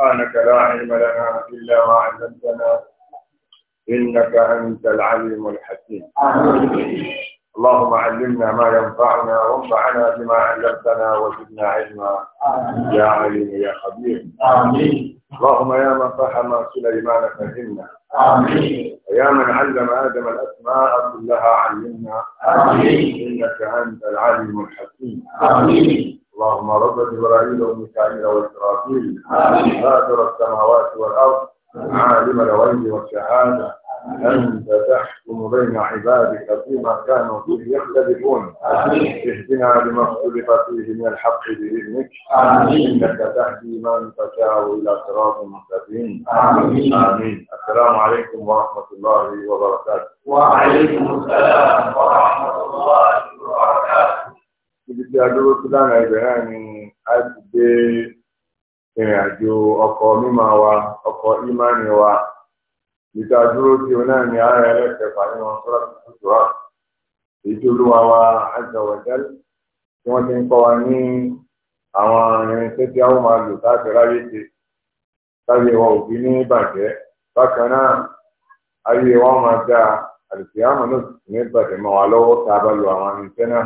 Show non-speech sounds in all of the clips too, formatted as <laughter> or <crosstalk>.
سبحانك لا علم لنا إلا ما علمتنا إنك أنت العليم الحكيم اللهم علمنا ما ينفعنا وانفعنا بما علمتنا وزدنا علما يا عليم يا خبير آمين اللهم يا من فهم سليمان فهمنا آمين ويا من علم آدم الأسماء كلها علمنا آمين إنك أنت العليم الحكيم آمين اللهم رب جبرائيل وميكائيل وإسرافيل فاتر السماوات والأرض عالم الغيب والشهادة أنت تحكم بين عبادك فيما كانوا فيه يختلفون اهدنا لما اختلف فيه من الحق بإذنك إنك تهدي من تشاء إلى صراط مستقيم آمين السلام عليكم ورحمة الله وبركاته وعليكم السلام ورحمة الله وبركاته ibi tí a dúró sí lánàá ibẹ̀ náà ni a ti dé ìrìn àjò ọkọ̀ mímọ́ wa ọkọ̀ ìmánì wa ibi tí a dúró sí òun náà ni ara ẹlẹ́kẹ̀ẹ́fà nínú sọ́rọ́ tuntun tó wà èyí tí olúwa wa àjọwọ̀jẹ́lẹ̀ tí wọ́n ti ń kọ́ wa ní àwọn irinṣẹ́ tí a ó máa lò káàkiri ayé ṣe táyé wọn òbí ní bàjẹ́ bákan náà ayé wọn máa dáa àdìsí àmọ́ náà sì ní bàjẹ́ mọ́ wa lọ́wọ́ tá a bá lo àwọn irinṣẹ́ náà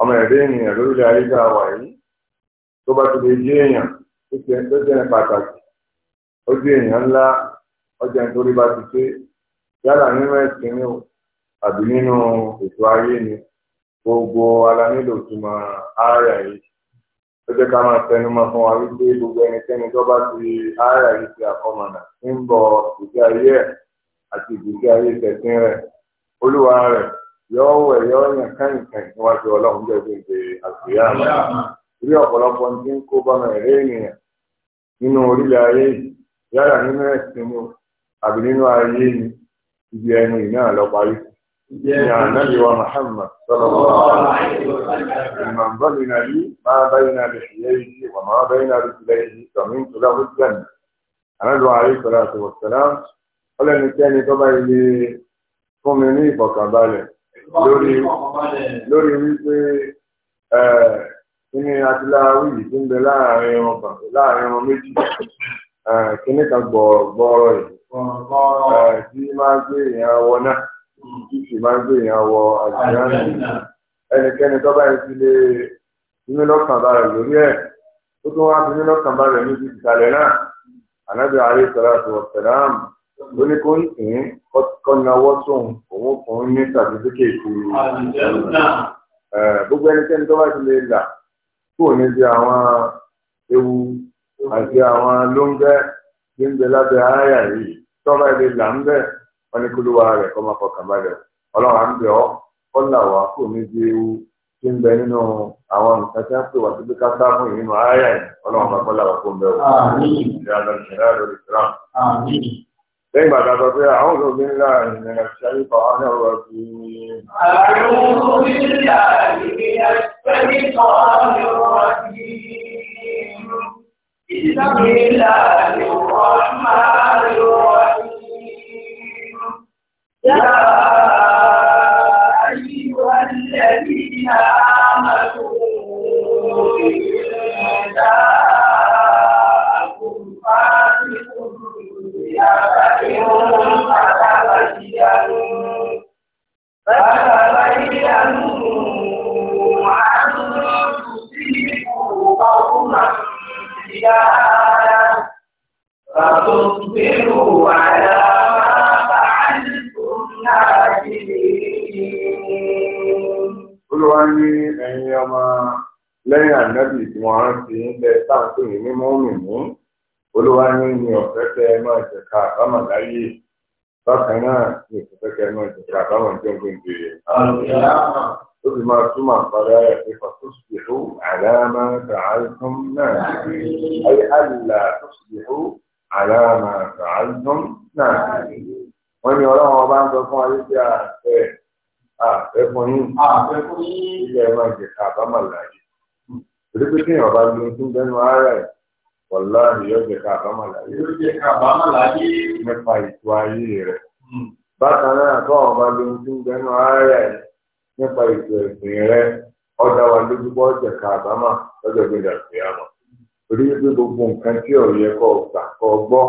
ọmọ ẹ̀dẹ́ ènìyàn lórílẹ̀ ayégbà wà yìí tó bá ti lè jẹ́ èèyàn tó jẹ́ tó jẹ́ pàtàkì ó jẹ́ èèyàn ńlá ọjà nítorí bá ti pé yálà nínú ẹ̀sìn ni o àbí nínú ètò ayé ni gbogbo ala nílò tó máa ááyà yìí ó jẹ́ ká máa tẹnumọ́ fún wa wípé gbogbo ẹnikẹ́ni tó bá ti ááyà yìí ti àkọmọ̀nà ń bọ̀ ìgbé ayé ẹ̀ àti ìgbésí ayé tẹ̀sín rẹ̀ olúwa rẹ̀ yọ wẹ̀ yọ yàn káyìnkàyìn níwájú ọlọ́run jẹ́ gbèǹde àgbéyà orí ọ̀pọ̀lọpọ̀ ní ń kó bọ́mọ ẹ̀rẹ́ ènìyàn nínú orílẹ̀ ayé yálà nínú ẹ̀sìn ni àbí nínú ayé ni ibi ẹnu ìná lọ parí ní ànábì wa Muhammad sallallahu alaihi wa sallam ìmọ̀nbọ́n mi náà yí máa báyìí náà lè fi yẹ́yí sí wà máa báyìí náà lè fi lẹ́yìn sí tọ̀mí ń tura ó jẹ́ mi ànábì wa alaihi salatu wa salam tó bá ilé fún mi ní ìfọ̀kànbalẹ̀ lórí lórí wípé kíní atiláwí yìí ti ń bẹ láàrin wọn bàbá láàrin wọn méjì kíní kan gbọ̀ọ̀gbọ̀ọ̀rọ̀ yìí tí máa gbé èèyàn wọ náà tí sì máa gbé èèyàn wọ àjùmọ̀ ẹnikẹ́ni tó bá yẹn ti lè mímí lọ́kàn bá rẹ̀ lórí ẹ̀ ó tún wá mímí lọ́kàn bá rẹ̀ níbi ìsàlẹ̀ náà ànábì ààrẹ sọ̀rọ̀ àti wọ̀sẹ̀ náà lórí kó ń tì í kọ́nyáwọ́ sóhun òun kò ń ní sàtífíkèétì gbogbo ẹnikẹ́ni tó bá ti lè là kúrò níbi àwọn ewu àti àwọn lóńgẹ́ ní ń bẹ lábẹ́ ààyà yìí tọ́ba ilé là ń bẹ̀ wọ́n ní kúlúwa rẹ̀ kọ́ máa fọkàn balẹ̀ ọlọ́run à ń bẹ̀ ọ́ kọ́ là wá kúrò níbi ewu tí ń bẹ nínú àwọn nǹkan tí wọ́n pè wá síbi ká sá fún ìrìnnà ààyà yìí ọlọ́run bá kọ́ là ń bẹ̀ wọ́n. àmín. ìyá lọ lẹ́yìn bàtà sọ pé àwọn olóògbé ńlá ìrìnà ṣẹ́yí pàwọ́ náà rọ̀ بسم الله الرحمن الرحيم يا أيها الذين آمنوا إن جاءكم فاسق بنبأ lẹ́yìn ànábì tí wọ́n rántí ń bẹ sáà tó mímọ́ ọ̀fẹ́ ẹ máa jẹ̀ka láyé bákan náà ní ìfẹ́kẹ́ náà ti ṣe àbáwọn jẹ́ gbèǹde rẹ̀. ó sì máa túmọ̀ àpárá ẹ̀ pé fàtúnṣìṣó àlàámá tààlùtún náà ayé àlùlà tàṣìṣó àlàámá tààlùtún náà. wọ́n ní ọlọ́run ọba ń sọ fún ayé bí àṣẹ àfẹ́fún yín ilé ẹ̀ máa jẹ̀ka àbámọ̀ láàyè. torí pé kéèyàn bá lu ohun tó ara ẹ̀ wàláhì yóò jẹ́ ká àbámọ̀ láyé. yóò jẹ́ ká àbámọ̀ láyé. nípa ètò ayé rẹ̀. Hmm. bákan náà kọ́ àwọn ọba lóhun tí ń gbẹ́nu ààrẹ nípa ètò ẹ̀sìn rẹ̀ ọ̀dà wa lójú bọ́ jẹ́ ká àbámọ̀ lọ́jọ́ gbẹ̀dà sí àmọ́. torí wípé gbogbo nǹkan tí ò yẹ kó gbà kó gbọ́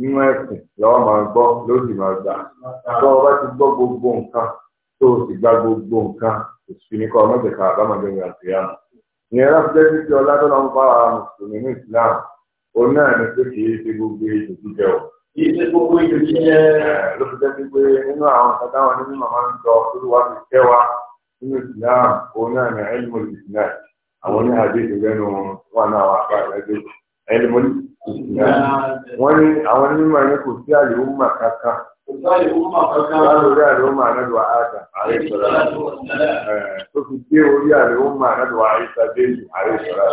nínú ẹ̀sìn lọ́wọ́ máa gbọ́ ló máa gbà. tó o bá ti gbọ́ gbogbo nǹkan tó o sì gba gbogbo nǹkan òsì ìyẹn láti jẹ́ títí ọlá tó lọ́n bá wa mùsùlùmí ní islam òun náà ni pé kì í ṣe gbogbo ètò misali umma kankan wà lórí àlùmà nàdùn àádà àríṣọlá tó fi dé orí àlùmà nàdùn àríṣà déjì àríṣọlá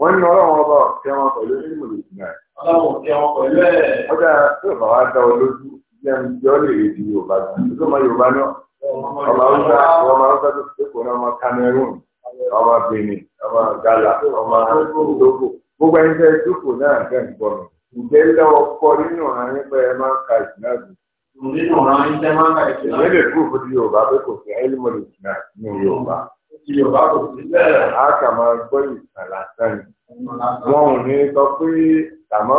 wọn ní ọlọ́run ọba ọ̀kẹ́ wọn pẹ̀lú nínú ìlú náà. ọlọ́run ọ̀kẹ́ wọn pẹ̀lú ẹ̀. ọjà tó bá wá dá ọ lójú yẹn yọ lè rí di yorùbá gan tó mọ yorùbá náà ọmọ ọgbà ọmọ ọgbà tó fi kó náà ǹjẹ́ lọ́wọ́ pọ̀ nínú àárín pé ẹ máa ń ka ìsìnáàbù. nínú àárín pé ẹ máa ń ka ìsìnáàbù. ìwé lè kúrò fún Yorùbá pé kò sí ẹlẹ́mọ̀lì ìsìnáàbù ní Yorùbá. Yorùbá kò sí bẹ́ẹ̀. a kà máa gbọ́ ìsàn lásán ni. wọn ò ní sọ pé àmọ́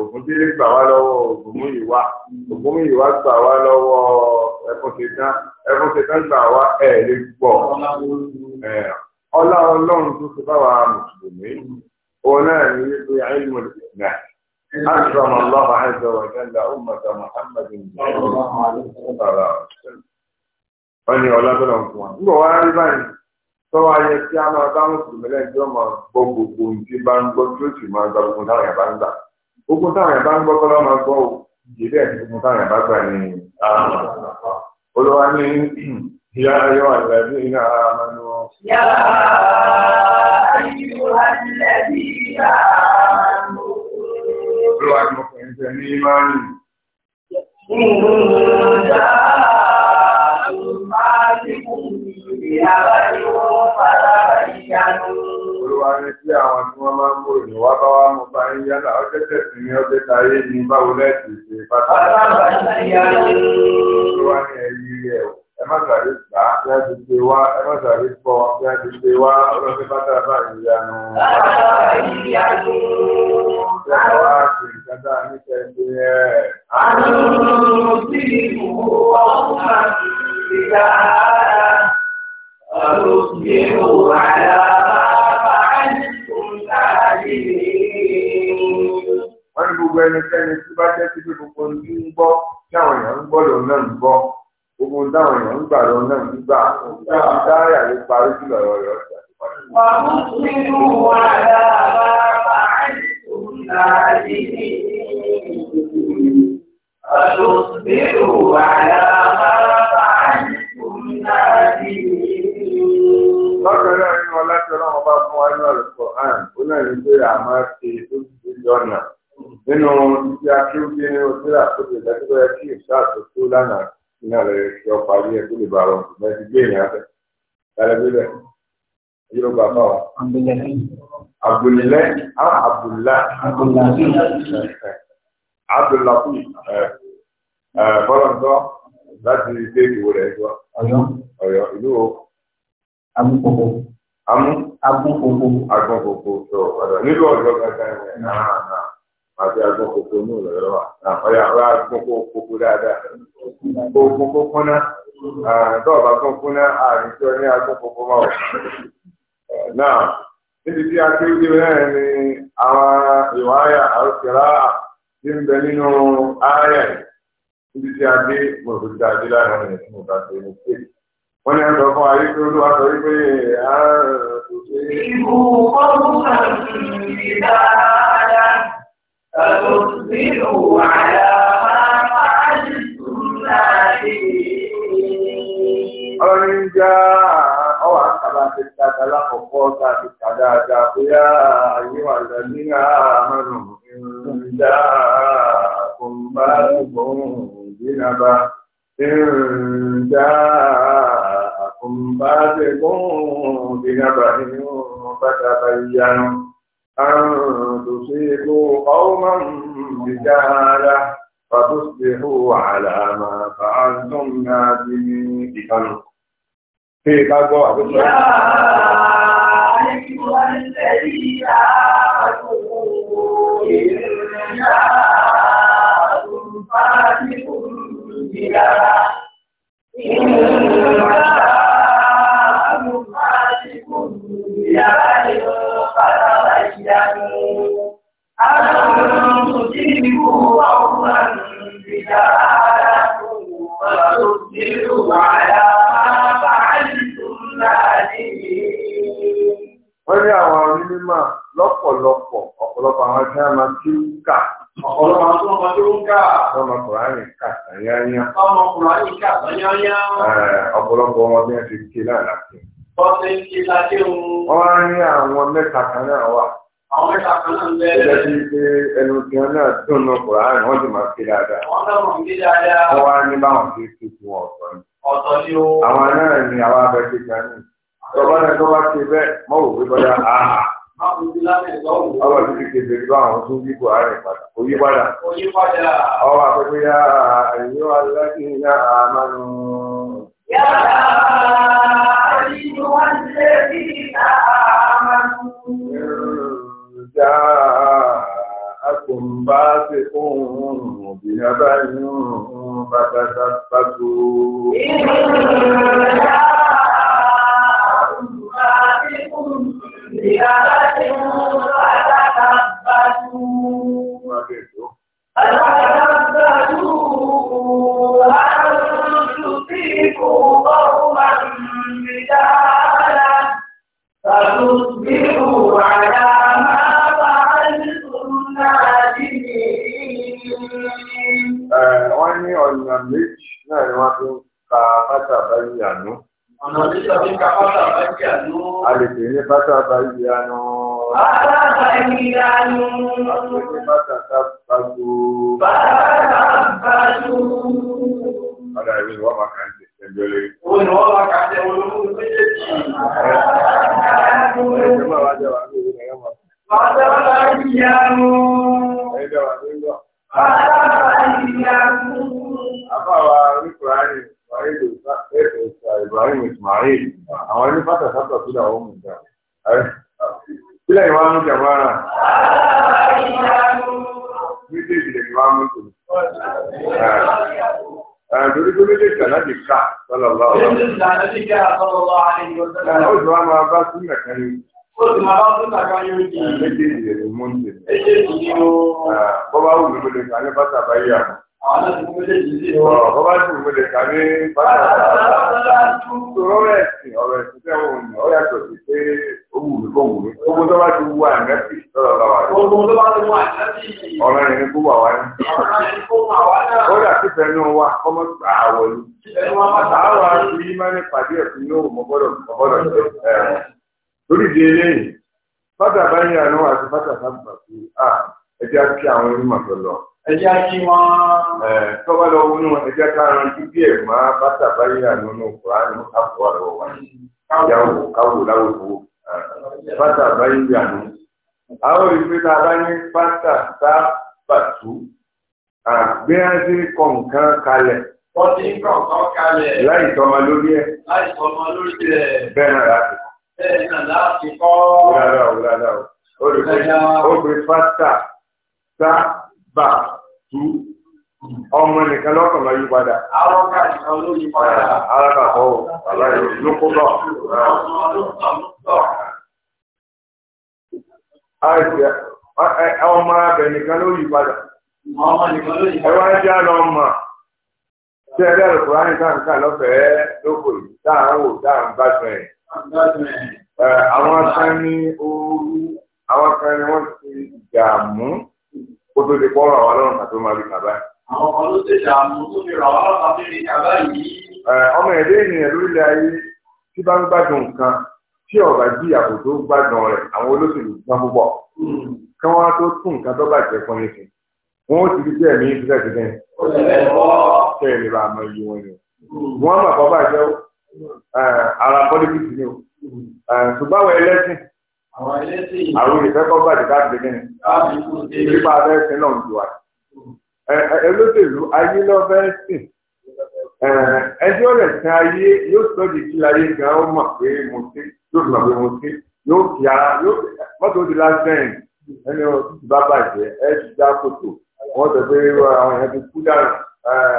ògùn délé gbà wá lọ́wọ́ ògùn mú ìwá ògùn mú ìwá gbà wá lọ́wọ́ ẹkùn ṣetán ẹkùn ṣetán gbà wá ẹ̀ lè gbọ́ ọlá ọlọ́run tó ti bá wa mùsùlùmí ونعم بعلم الإسلام أكرم الله عز وجل أمة محمد صلى الله ndị وسلم wọ́n ní ọlá tó lọ́wọ́ fún wa. Nígbà wọ́n rárí báyìí tọ́wọ́ ayé tí a máa bá mùsùlùmí lẹ́jọ́ máa Olúwa ni ọkùnrin tẹ ní Imáàmù. Ìgbà tó máa ti kú ìyàwó ni wọ́n fara ìyanu. Olúwa ni tí àwọn tí wọ́n máa ń bò ní wá bá wá mú bá ń yálà ọjọ́ tẹ̀sí ní ọjọ́ táyé ní báwo lẹ́sìn ṣe pátá. Olúwa ni ẹ̀yí rẹ̀ o ẹ má sàrí gbà bí a ti ṣe wá ẹ má sàrí pọ bí a ti ṣe wá ọlọ́sẹ̀ bàtà bá ìyanu. ìyanu. bí a wá sí ìkàtà nípa ẹgbẹ́ ẹ̀. àánú sí ìwò ọ̀hún àti ìgbà ara. àlòkè òwò àlá bàbá àìsùn láàyè. wọ́n ní gbogbo ẹnikẹ́ni tí bá jẹ́ sí pé gbogbo ń gbọ́ tí àwọn èèyàn ń gbọ́ lòun náà ń gbọ́ gbogbo dáhùn èèyàn ń gbà lọ náà nígbà ìdáyà ló parí jùlọ ọ̀rọ̀ rẹ̀ ọ̀sẹ̀ àti parí. wàhùn nínú wàhálà bá bá àìsùn láàyè àtòsílù wàhálà bá bá àìsùn láàyè. lọ́kọ̀ọ́rẹ́ ẹni wọn láti ọlọ́run bá fún wa ní ọ̀rẹ́kọ̀ àn ó náà ní pé àmọ́ ṣe tó ti nínú ibi akéwìké ní oṣù àkókò ìdájọ́ ẹ ìṣàkóso lánàá iná rẹ̀ kí ọ parí ẹ̀ tó lè bàrọ̀ ṣùgbọ́n ti gbé ìrìn àbẹ̀ lálẹ́ yóò gbà fà wá. Abdulilẹ Abdulilẹ ah, Abdulaku bọ́lọ̀ntọ́ láti ilé ìwò rẹ̀ gbọ́. Ọ̀yọ́ ìlú o. Amúkòkò. Amú. Agúnkòkò. Agúnkòkò. Nílùú ọ̀dọ́ gbàgbà ẹ̀ náà náà. àti agbọn kòkó ní ìlọrọ wa ọyà ọyà agbọn kòkó dáadáa kòkó náà dọ́ọ̀bà náà ní agbọn kòkó máa wà. náà níbi tí a ti ń gbé ni àwọn ti ń bẹ nínú níbi tí a dé mo rò dáa dé láàrin ọ̀nà tí mo bá ṣe wọ́n ní فتصبحوا على ما فعلتم نادمين. أرجع أو أكبر في التكلف وقوة في التدادة يا أيها الذين آمنوا إن جاءكم فاسق بنبأ إن جاءكم فاسق بنبأ فتبينوا أن تصيبوا قوما بجهالة فتصبحوا على ما فعلتم نادمين في قبر يا أيها الذين آمنوا إن جاءكم فاتكم بلا إن وعلى ما فعلتم نادمين wọ́n ní àwọn onímọ̀ lọ́pọ̀lọpọ̀ ọ̀pọ̀lọpọ̀ àwọn tí wọ́n máa ti kà. ọ̀pọ̀lọpọ̀ àwọn tí wọ́n máa ti ń kà. wọ́n máa kùrọ̀ àyìn kà tàyáyá. wọ́n máa kùrọ̀ kà ọ̀pọ̀lọpọ̀ wọ́n wọ́n wọ́n àwọn àwọn tí wọ́n ọ̀tọ̀ ni o. àwọn náà ni àwọn abẹ́sí kan ní. tọ́ba náà tó bá ṣe bẹ́ẹ̀ mọ́ wò pé bọ́dá àhà. ọba ti fi kébé tó àwọn tó yípo ààrẹ padà kò yí padà. kò yí padà. ọba àpẹẹrẹ yá ẹ̀yìn wa láti ní àmàlù. ìjà àkùnbá ti kún un bí abáyé فتثبتوا فتصبحوا على ní ọ̀nà méjì náà ni wọ́n fi ń ka bàtà báyìí àná. ọ̀nà méjì ló fi ń ka bàtà báyìí àná. a lè pè ní bàtà báyìí àná. bàtà báyìí àná. a lè pè ní bàtà sábàjò. bàtà sábàjò. ọ̀dà ìwé ni wọ́n máa kà ń tẹ̀ ẹ̀jọ́ lé. owó ni wọ́n máa kà ń tẹ̀ olóhùn méjèèjì. ẹ̀jẹ̀ máa wá àná. ẹ̀jẹ̀ àná àbáwa oníkùránì ìsmaíl ibrahim ismail àwọn ilé fata sábà sílẹ̀ àwọn ọmọ ìjà sílẹ̀ ìwà ń jẹ mọ́ra méjèèjì lè wá mú tòun. Torí pé méjèèjì àlájì ká sọ́lọ́lá ọ̀la. Méjèèjì àlájì ká sọ́lọ́lá ọ̀la. Ó sì wá máa bá súnmọ̀ kan ní. Ó sì máa bá súnmọ̀ kan ní ojú. Méjèèjì lè mú tòun. Méjèèjì ni ó. Bọ́bá wù mí mo lè kà ní bàtà báyìí àná. Ọ̀rọ̀ bá jù mí lè kà lọ́dọ̀ lọ́wọ́ rẹ̀. Ọ̀rọ̀ yẹn kó wà wáyé. Ó dà sí fẹ́ẹ́ wa kọ́mọ́ sàáwọ̀ ni. Sàáwọ̀ àti ìmánì pàdé ẹ̀sìn ní òun mọ́gbọ́dọ̀ mọ́gbọ́dọ̀ lórí ìdí eléyìí. Fátà báyìí àná àti fátà sábà sí ẹja kí àwọn onímọ̀ tó lọ ẹjẹ́ kí wọ́n. tọ́wọ́ lọ wọnú ẹjẹ́ káàrán dídí ẹ̀ máa bàtà báyìí ànúnú kùránì àpò àlọ́ wa yàwó káwò láwùjọ bàtà báyìí ànú. àwọn ìwé tá bá ní bàtà tá bàtú bí wọ́n ti kalẹ̀. wọ́n ti kalẹ̀. láì tọ́mọ lórí ẹ̀. láì tọ́mọ lórí ẹ̀. bẹ́ẹ̀ náà láti bẹ́ẹ̀ náà láti kọ́. wúlálà wúlálà olùkọ́ ó fi tá. ọmụ tú ọmọ nìkan lọ́kàn lọ yí padà. àwọn ká ìkan ló yí padà. alábàbọ̀ aláyọ̀ ló ọmọ abẹ nìkan ló yí padà. nìkan ẹ wá jẹ́ àná ọmọ tí ẹ lẹ́rù kó tó di pọ́ ọ̀rọ̀ àwọn ọlọ́run àti ọmọ àbíkà báyìí. àwọn ọmọ ló ṣe ṣàmú tó fi ràn wọ́n àti ìrìnkà báyìí. ọmọ ẹ̀dẹ́ ènìyàn lórílẹ̀ ayé tí bá ń gbádùn nǹkan tí ọ̀bà jí àbò tó gbádùn rẹ̀ àwọn olóṣèlú gbọ́n púpọ̀ kí wọ́n tó tún nǹkan tó bàjẹ́ fún nìkan wọn ó ti di bí ẹ̀mí ìfúnṣẹ́ ti dẹ́n. kẹ́ ẹ̀ lè bá a mọ iye wọn ni wọ́n o ṣùgbọ́n àwọn ìfẹ́kọ́ bàjẹ́ káàdì gẹ́gẹ́ ni nípa abẹ́sẹ̀ náà ń ju wa ẹlọ́sẹ̀lú ayé lọ́fẹ́ sìn ẹjọ́ rẹ̀ sin ayé yóò sọ di kí ayé gan ó mọ̀ pé mo sí yóò mọ̀ pé mo sí yóò fi ara yóò mọ́tò ti lásẹ̀yìn ẹni òtútù bá bàjẹ́ ẹ ti dá kòtò wọ́n sọ pé àwọn èèyàn ti kú dànù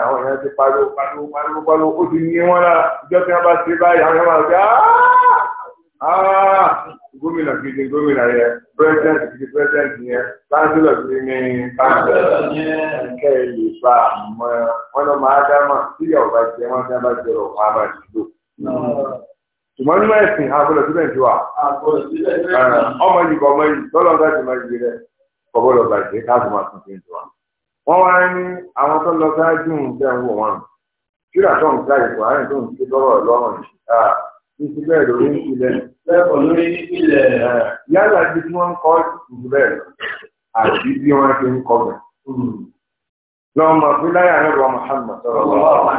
àwọn èèyàn ti pariwo pariwo pariwo pariwo ó ti ní wọn lára ìjọ tí wọn bá ṣe báyìí àwọn èèyàn máa ń gómìnà gidi gómìnà yẹ pírẹsidẹnti gidi pírẹsidẹnti yẹ kánsílọ gidi ní kánsílọ kẹ ẹ lè bá a mọ wọn lọ máa dá mọ síyà ọba jẹ wọn fẹẹ bá jẹ ọ wọn bá jù lò. tùmọ̀ nínú ẹ̀sìn agbọ́dọ̀ síbẹ̀ ju wa ọmọ yìí kọ ọmọ yìí tọ́lọ́ bá ti máa yìí rẹ kọ́bọ́dọ̀ bàjẹ́ káàtó máa tún fi jù wa. wọ́n wá ní àwọn tó lọ sáájú ń fẹ́ wọ̀ wọn kíra tó títí bẹ́ẹ̀ lórí ní ilẹ̀. lẹ́kọ̀ọ́ lórí ní ilẹ̀. yálà ibi tí wọ́n ń kọ́ ìtùtù bẹ́ẹ̀ lọ àti bí wọ́n ti ń kọ́ bẹ̀. Hmm. lọ́wọ́ mọ̀ fún láyà náà lọ́wọ́ Muhammad sọ̀rọ̀ lọ́wọ́.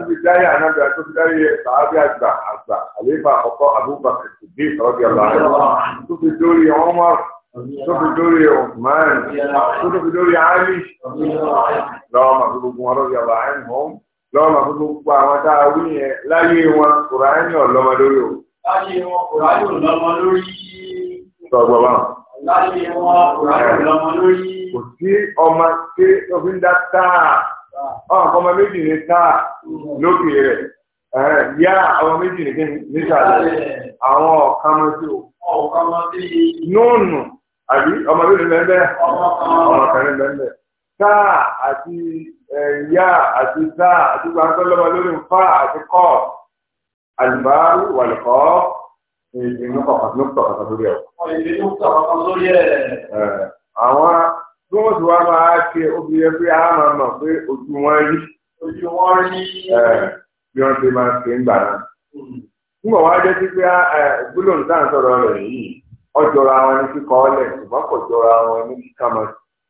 ibi láyà náà lọ́wọ́ tó fi láyé sàábì àgbà àgbà àlééfà àkọ́kọ́ Abubakar Siddi sọ̀rọ̀ tó fi dórí àwọn ọmọ tó fi dórí Osman tó fi dórí Ali lọ́wọ́ mọ̀ fún gbogbo wọn lọ́wọ́ lọ́mọ fún gbogbo àwọn tá a wí yẹn láyé wọn kùránì ọ̀lọ́mọ lórí o. láyé wọn kùránì lórí. sọ̀gbọ̀ bá wọn. láyé wọn lórí. kò sí ọmọ tí ó fi ń dá táà ọ̀hún ọmọ méjì ní táà lókè rẹ̀ yá ọmọ o. ọ̀kan sí i. ọmọ sáà àti ẹ̀yà àti sáà àti gbàgbọ́ lọ́wọ́ lórí nfa àti kọ́ àlùbáàrú wàlùkọ́ ìdìbò kọ̀ọ̀kan lórí ẹ̀. ìdìbò kọ̀ọ̀kan lórí ẹ̀. àwọn bí wọ́n ti wá máa ṣe obìnrin pé a máa mọ̀ pé ojú wọn rí. ojú wọn rí. bí wọ́n ti máa ṣe ń gbà náà. nígbà wá jẹ́ sí pé gbólóhùn tá à ń sọ̀rọ̀ rẹ̀ yìí ọjọ́ra wọn ní kíkọ́ ọ́lẹ̀ ṣùgbọ́n kò jọra wọn ní kíkà máa ṣe.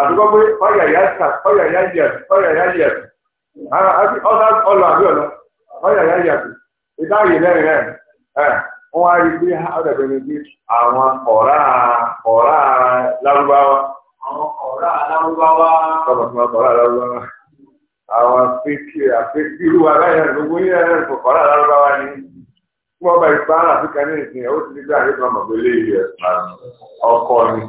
àdúgbò pé ọyà yá sà ọyà yá yàtì ọyà yá yàtì ọ̀sà ọlọ àbí ọ̀lọ ọyà yá yàtì ìdáyìí lẹ́yìn rẹ̀ wọ́n á rí bí ọ̀dẹ̀bẹ̀ bí àwọn ọ̀rá ọ̀rá lárúbáwá. àwọn ọ̀rá lárúbáwá. ọ̀rá lárúbáwá. àwọn irú aláìyá gbogbo yín ẹ̀rẹ́ fún ọ̀rá lárúbáwá ni. ní ìsìn ẹ̀ ó ti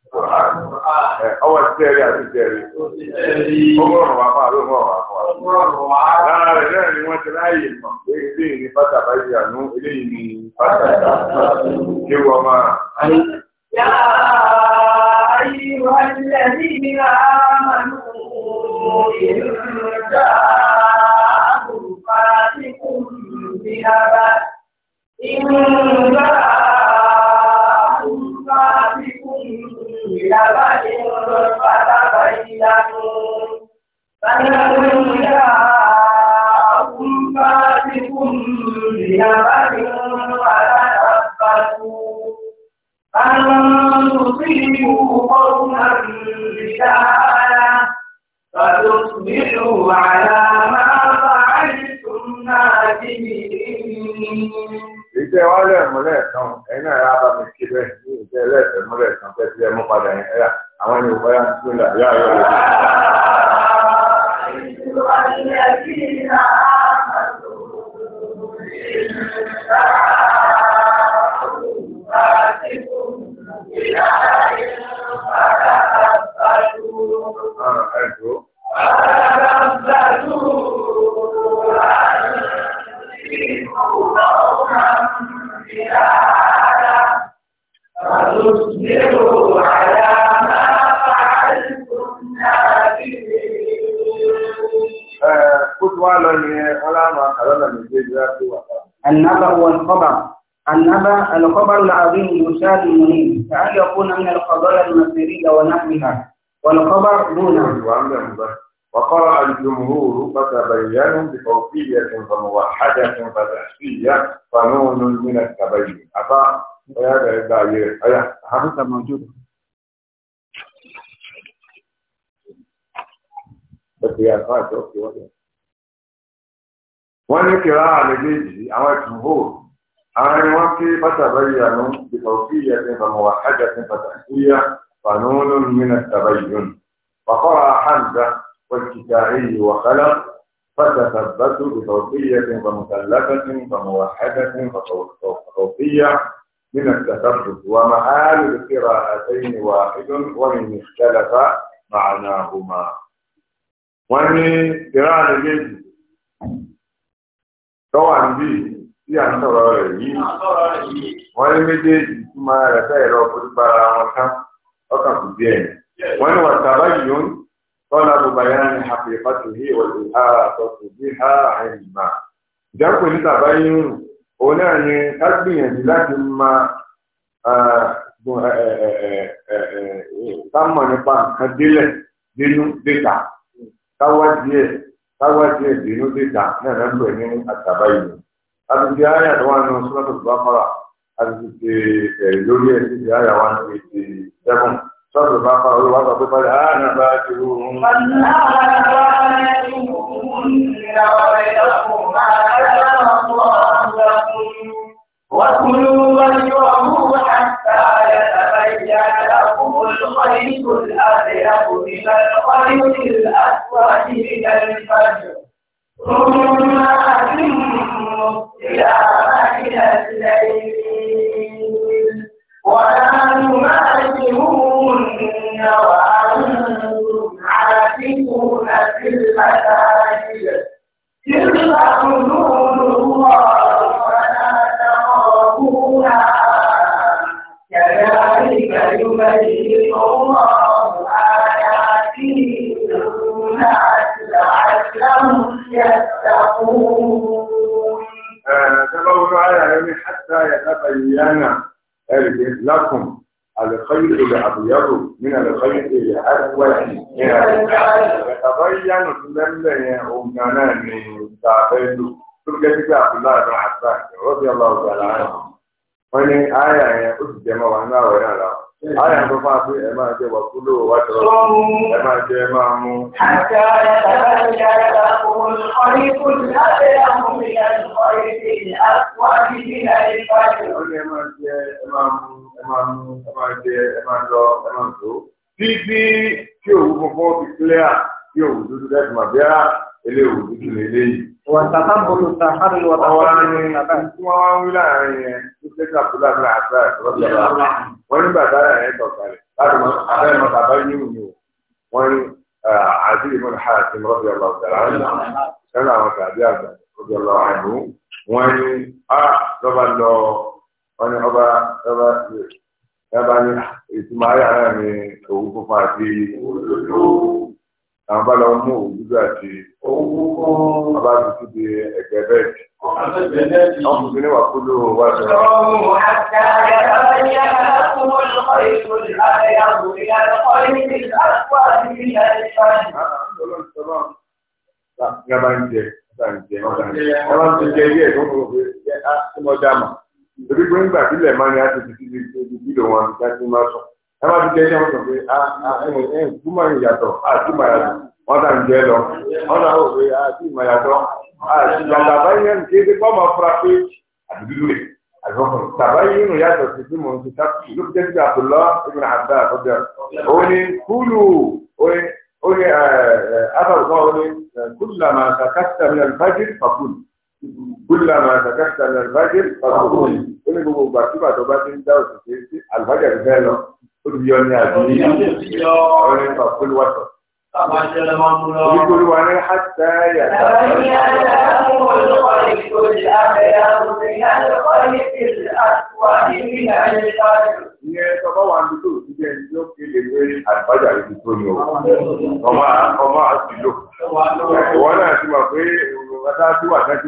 ọwọ́ ti tẹ́rí àti tẹ́rí ọgọ́rùn-ún wa fún àlóhùn ọ̀wà rẹ̀ ni wọ́n ti láàyè ni لبن فتبينوا فإن جاءكم فاسق بنبأ فتنبأوا أن تصيبوا قوما بجهالة فتصبحوا على ما فعلتم نادمين ìtẹ́ wọn lẹ̀ múlẹ̀ kan ẹ̀yin náà yà bá mi kí bẹ́ẹ̀ ní ìtẹ́ lẹ́sẹ̀ múlẹ̀ kan fẹ́ fi ẹ mú padà yẹn ẹ̀yà àwọn ẹni òkú ẹ̀yà tó là yà yọ lọ. Yeah. أبى الخبر العظيم يشاد المنيب فهل يكون من الخبر المسيرية ونحوها والخبر دونه وقرأ الجمهور فتبين بفوقية فموحدة فتحسية فنون من التبين أفا وهذا الدعية بس يا فاتح وقت وقت وأنا كراء الجمهور عن وفي فتبين بتوفية فموحدة فتحوية فنون من التبين فقرأ حمزة والكتائي وخلق فتثبت بتوفية فمثلثة فموحدة فتوفية من التثبت ومآل القراءتين واحد ومن اختلف معناهما ومن قراءة جيد طبعا دي tí à ń sọ̀rọ̀ rẹ̀ yìí wọ́n ní méjèèjì túmọ̀ rẹ̀ fẹ́ lọ fojú bara wọn tán ọkàn kù díẹ̀ wọ́n ní wọ́n tàbá yìí ń tọ́lá ha ayé ní bí ha àìmà ìjápò ní tàbá yìí ń òun náà ni ká gbìyànjú láti máa nípa nǹkan délẹ̀ dínú déta káwá díẹ̀ káwá díẹ̀ dínú déta náà náà àtúntì àyà tó wà nínú sọ́dọ̀ tó bá fara àtúntì lórí ẹ̀ sí àyà wà ní ètè sẹ́fún sọ́dọ̀ bá fara olúwa sọ pé báyìí àyà náà bá ti rú òun. وكلوا واشربوا حتى يتبين لكم الخيط الأبيض من الخيط الأسود من الفجر ثم أتموا الصيام إلى الليل ولا تماثلون وأنتم عاكفون في المساجد تلك حدود الله فلا تقربوها كذلك يبين حتى يتبين لكم الخيط الأبيض من الخيط الأسود يتبين لله أمنا من تعبد تلك كتاب عبد الله بن عباس رضي الله تعالى عنه آية Ayà ń fún àpé ẹ máa jẹ wàkú lówó wá tọrọ ẹ máa jẹ ẹ máa mú. Àti ààrẹ bàbá mi yára bá òun ọ̀rí kùn lábẹ́ àwọn ọmọ ìyá ìkọ̀rí sí àpò àbíbí láyé ìbáyé. Ó ní ẹ máa jẹ ẹ máa mú ẹ máa mú ẹ máa jẹ ẹ máa lọ ẹ máa tó. Títí tí òwú funfun fi clear tí òwú dúdú dẹ́kun àbíyá ilé òtútù lélẹ́yìí. Wàtàtà bọ̀lù sàhárì wàtà wà ní tí wọ́n wá ń wí láàrin yẹn tí Sẹ́kì Abdullahi bin Abdullahi rọ́bì ọ̀la. Wọ́n ní bàtà yẹn tọ̀kalẹ̀ láti mọ abẹ́rẹ́ mọ bàbá yìí ni o. Wọ́n ní Aziz ibn Hasim rọ́bì ọ̀la ọ̀dàlá sẹ́nà Wọ́n ní a lọ́ba lọ wọ́n ní ọba lọ́ba lọ́ba ní ìtumọ̀ ayé ara mi òwú fúnfún àti àwọn bá lọ mú òwúrọ̀ àti owó bá di ẹ̀gbẹ́ bẹ́ẹ̀dì. wọ́n fún mi ní wàá kúló wá ní a bá ń jẹ bá ń ti jẹ ilé ẹ̀kọ́ fún mi ṣé mo dá mà. torí pé ńgbà sílẹ̀ máa ní a ti ti ti ti ti ti lò wọn láti má sùn ẹ má fi jẹ́ ẹ̀ṣẹ́ wọn sọ pé ah, ah, ẹ̀ túmọ̀ ìyàtọ̀ àtúmọ̀ ah, ìyàtọ̀ wọn tà ń jẹ́ lọ wọn náà wò pé àtúmọ̀ ìyàtọ̀ àtúmọ̀ àbáyé ń kéde pọ́ máa fura pé àdúgbò rẹ̀ àgbọ̀kùn tàbáyé nù yàtọ̀ sí bí mo ń ti ká ló fi jẹ́ sí àbúlọ́ ìgbìmọ̀ àbá àtọ́jà òun ni kúlù òun ni àbàbọ̀ òun ni kúlù làmà kàkàtà mi àlùfáàjì fàkùlù kúlù làmà mi àlùfáàjì fàkùlù òun ni gbogbo gbàtúbàtọ̀ bá ti ń àti bẹ́ẹ̀ lọ olùyọ ni àbí ọ̀rẹ́ pàpọlùwàtọ. Olùkọ́lùwà ní àtà yàtà. Ìyẹn sọ́bọ̀ wà ní tó ìdílé ẹni ló kéde pé àgbájá ibi tó ní o. Ọmọ àti lò. Ìwọ náà ti mọ̀ pé òun bàtà tí wà sáà ti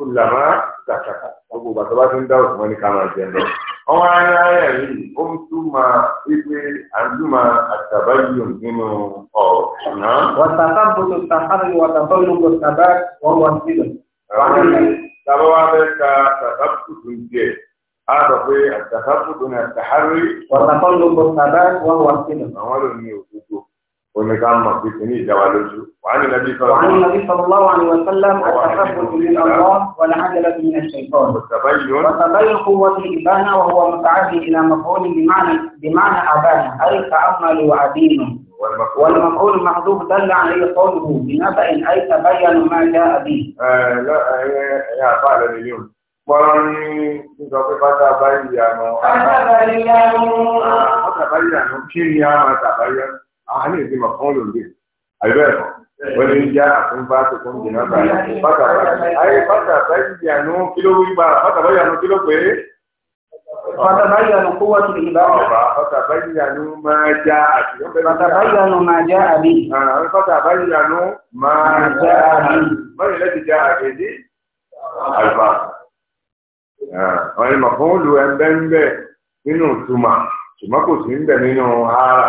kó làmá kàkàkà gbogbo bàtà bá ti ń dáhùn wọn ní ká jẹ lọ. ọmọ ayé ayé yìí ó ń túmọ̀ wípé àdúmọ̀ àtàbáyò nínú ọ̀nà. wàtàkà bolo sàkárì wàtàkà lóko sàbá wọn wà sílẹ̀. sábà wà bẹ́ẹ̀ ka sàkà tuntun díẹ̀ a sọ pé àtàkà tuntun ní àtàhárí. wàtàkà lóko sàbá wọn wà sílẹ̀. àwọn ló ní òkúto. ونكام مقبتني جوالوجو وعن النبي صلى الله عليه وسلم وعن النبي صلى الله عليه وسلم التخفف من الله والعجلة من الشيطان والتبين وتبين قوة الإبانة وهو متعدي إلى مفعول بمعنى بمعنى أبانة أي تأمل وأدينه والمفعول محذوف دل عليه قوله بنبأ أي تبين ما جاء به. آه لا آه يا فعل اليوم. Wọ́n ní ìjọba bá dábàá ìyànà. Bá dábàá ìyànà. Wọ́n kí ni a máa dábàá àánú ìdí mà fún olùdí àbẹ̀rẹ̀ wọ́n ní já àtúnbá tó fún jìnnà báyìí pátá báyìí ayé pátá báyìí yànú kíló wíwá pátá báyìí yànú kíló pé. pátá báyìí yànú kó wá sí ìgbà wọn. pátá báyìí yànú máa já àti. pátá báyìí yànú máa já àbí. pátá báyìí yànú máa já àbí. báyìí lẹ́ti já àbèdí. àlùfáà. Ah, wọ́n ní mà fún olù ẹ̀ńbẹ́ńbẹ́ nínú ìtumà. ṣùgbọ́ kò sí ń bẹ̀ nínú ara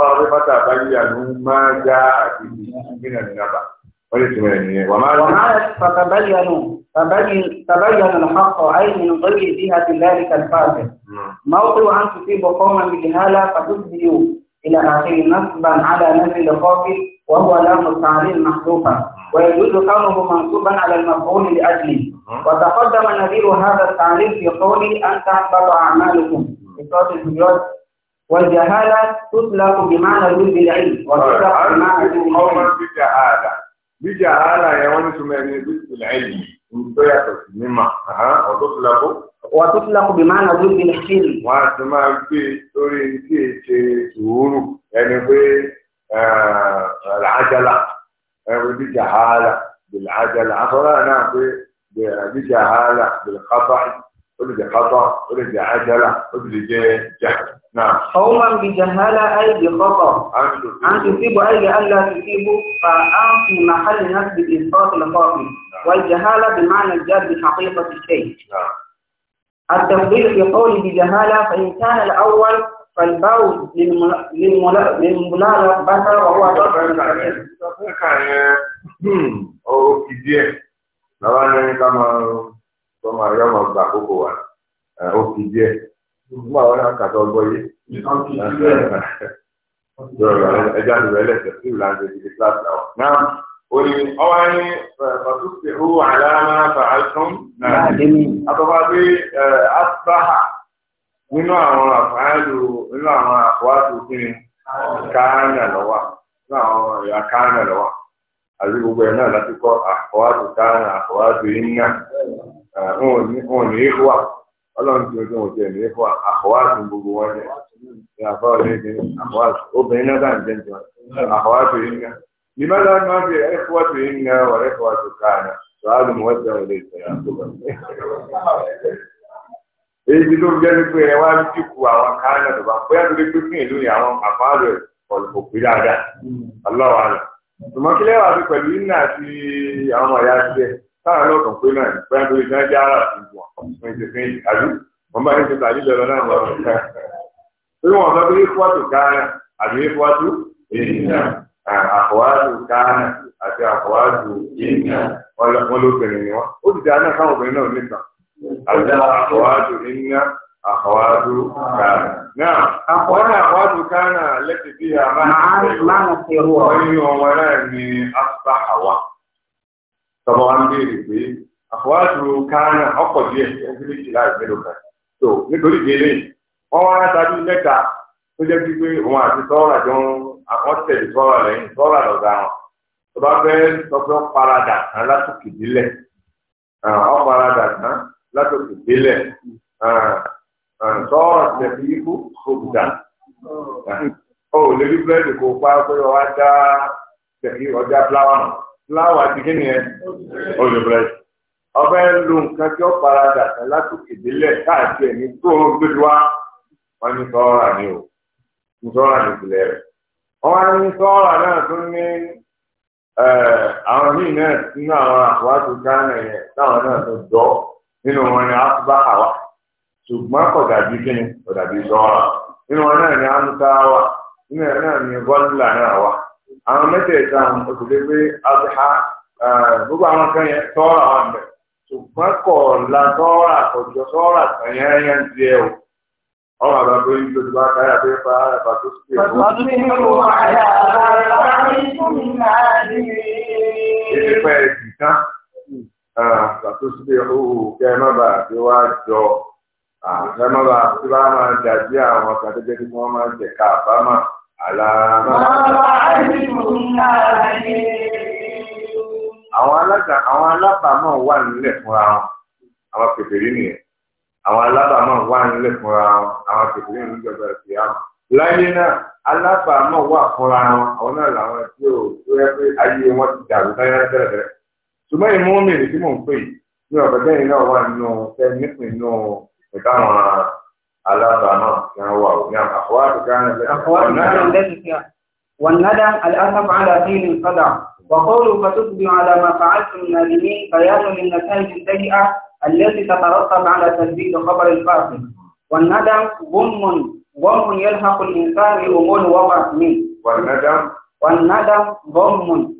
ọ̀rọ̀ bàtà bá yí àánú máa já àti ìgbìnà nígbà wọ́n lè túmọ̀ ẹ̀yìn wà máa ń tàbáyánù tàbáyánù lọ́kọ̀ àìní lórí ìdí àti láàrín kàlífààfẹ́ máa ó tó wà ń tún sí bọ̀kọ́ mọ̀ nìyí hálà pàtó وهو لام التعليل محذوفة ويجوز كونه منصوبا على المفعول لأجله وتقدم نذير هذا التعليل في قوله أن تحبط أعمالكم في سورة الحجرات تطلق بمعنى جزء العلم وتطلق بمعنى جزء العلم بجهالة بجهالة يا ونس من جزء العلم وتطلق وتطلق بمعنى جزء الحلم وتطلق بمعنى جزء الحلم آه، العجلة بجهالة آه، بالعجلة عفوا نعطي بجهالة بالقطع قل بخطأ قل بعجلة قل بجهل نعم قوما بجهالة أي بقطع أن تصيب أي ألا تصيب فأن في محل نفس الإسقاط الخاطئ نعم. والجهالة بمعنى الجهل بحقيقة الشيء نعم التفضيل في قول بجهالة فإن كان الأول فالباو للملاعبة وهو ضرب الكبير ó fi díẹ̀ lọ́wọ́ ní ká máa tó máa yọ ọmọ gbà kókó wa ó fi díẹ̀ nígbà wọn náà kàtọ́ gbọ́ yé ẹja ti rẹ̀ lẹ́sẹ̀ sí ìlànà ìdílé kíláàsì náà. náà o ní ọwọ́ ní ọ̀túnṣe owó àlàáfà àìsàn náà àtọ́fà pé asbaha. nínú àwọn àfáàlù nínú àwọn àfọwádù kíni káánà lọ́wọ́ nínú àwọn ìyá káánà lọ́wọ́ àti gbogbo ẹ̀ náà láti kọ́ àfọwádù káánà àfọwádù iná wọn ní í wà tí ojú wọn ní í wà àfọwádù gbogbo wọn ní àfọwádù àfọwádù obìnrin náà àfọwádù èyí ló jẹ́ wípé ẹ wá dìkù àwọn káàdà tó bá bóyá tó lè pín fún ìlú ni àwọn àfáàlù ẹ̀ ọ̀lùkò pé dáadáa aláwa rẹ̀ ṣùgbọ́n kílẹ̀ wà sí pẹ̀lú iná àti àwọn ọ̀yà tiẹ̀ táwọn ọlọ́kàn pé náà bóyá tó lè jẹ́ ajá ara fún wọn fún ìṣe fún ìtàjú wọn bá ní ṣe tàbí lọ́lọ́ náà lọ pé wọn sọ pé ìfọ́tò káàdà àbí ìfọ́tò èèyàn àkọ́wádù káàdà àti àkọ́wádù الأخوات إن أخوات كان نعم وأنا أخوات كان التي فيها معنى معنى السيروة وأنا أصبح وقت طبعا بيري في أخوات كان أقوى جيه يمكن الكلاب ملوكا تو نقول جيلي وأنا تابي متى ó jẹ́ pípé òun àti sọ́ọ̀rà jọ ń àkọ́tẹ̀lé sọ́ọ̀rà lẹ́yìn sọ́ọ̀rà lọ́gà wọn tó bá fẹ́ sọ pé ó paradà kan látòkè nílẹ̀ ó paradà kan látòkè délẹ̀ ah, ah, sọ́ọ̀rọ̀ tẹ̀lé ikú òkúta ah, ó lè rí búrẹ́dì kó pa pé ọwá dá tẹ̀lé ọjà fúláwà nù fúláwà ti kí ni ẹ ó lè búrẹ́dì ọbẹ̀ ń lo nǹkan tí ó paradà tán látòkè délẹ̀ káàkiri ẹ̀mí tó ń gbé wá wọn ní sọ́ọ̀rà ni o ní sọ́ọ̀rà ni ìpìlẹ̀ rẹ̀ wọn ní sọ́ọ̀rà náà tún ní eh, àwọn míì náà nínú àwọn àwọn àtúntà náà yẹn táwọn náà tó dọ́. nínú wọn ni asúbáhà wà ṣùgbọ́n kọ̀dàbí kíni kọ̀dàbí zọ́ọ̀rọ̀ nínú wọn náà ni amúta wà nínú náà ni gọ́ńdà náà wà àwọn mẹ́tẹ̀ẹ̀ta òkùnrin pé asúbáhà gbogbo àwọn kan yẹn tọ́ọ̀rọ̀ wà mẹ́ ṣùgbọ́n àkọ́jọ ń di o tó bá káyà pé tó sì ṣàtúnṣe òhù kẹ má bàa tí wá jọ kẹ má bàa tí wá máa dàbí àwọn kan tó jẹ́ kí wọ́n máa jẹ ká àbámà àlàámà. àwọn alága àwọn alábàámọ̀ wà nílẹ̀ fúnra wọn àwọn kèfèrí nìyẹn àwọn alábàámọ̀ wà nílẹ̀ fúnra wọn àwọn kèfèrí nìyẹn jọba ẹ̀sìn àwọn láyé náà alábàámọ̀ wà fúnra wọn àwọn náà làwọn tí ò tó yẹ pé ayé wọn ti dàrú láyé náà tẹ́lẹ̀ ṣùgbọ́n ìmú mèrè tí mò ń pè ní ọ̀dọ̀ bẹ́ẹ̀ náà wà nínú ẹ nípìn inú ẹ̀ka àwọn alábàá náà kí wọ́n wà ó ní àkọ́wá tó ká ní ẹgbẹ́. والندم الأسف على دين القدع وقوله فتصبح على ما فعلتم نادمين بيان للنتائج السيئة التي تترتب على تثبيت خبر الفاسد والندم غم غم يلحق الإنسان بأمور وقعت منه والندم والندم غم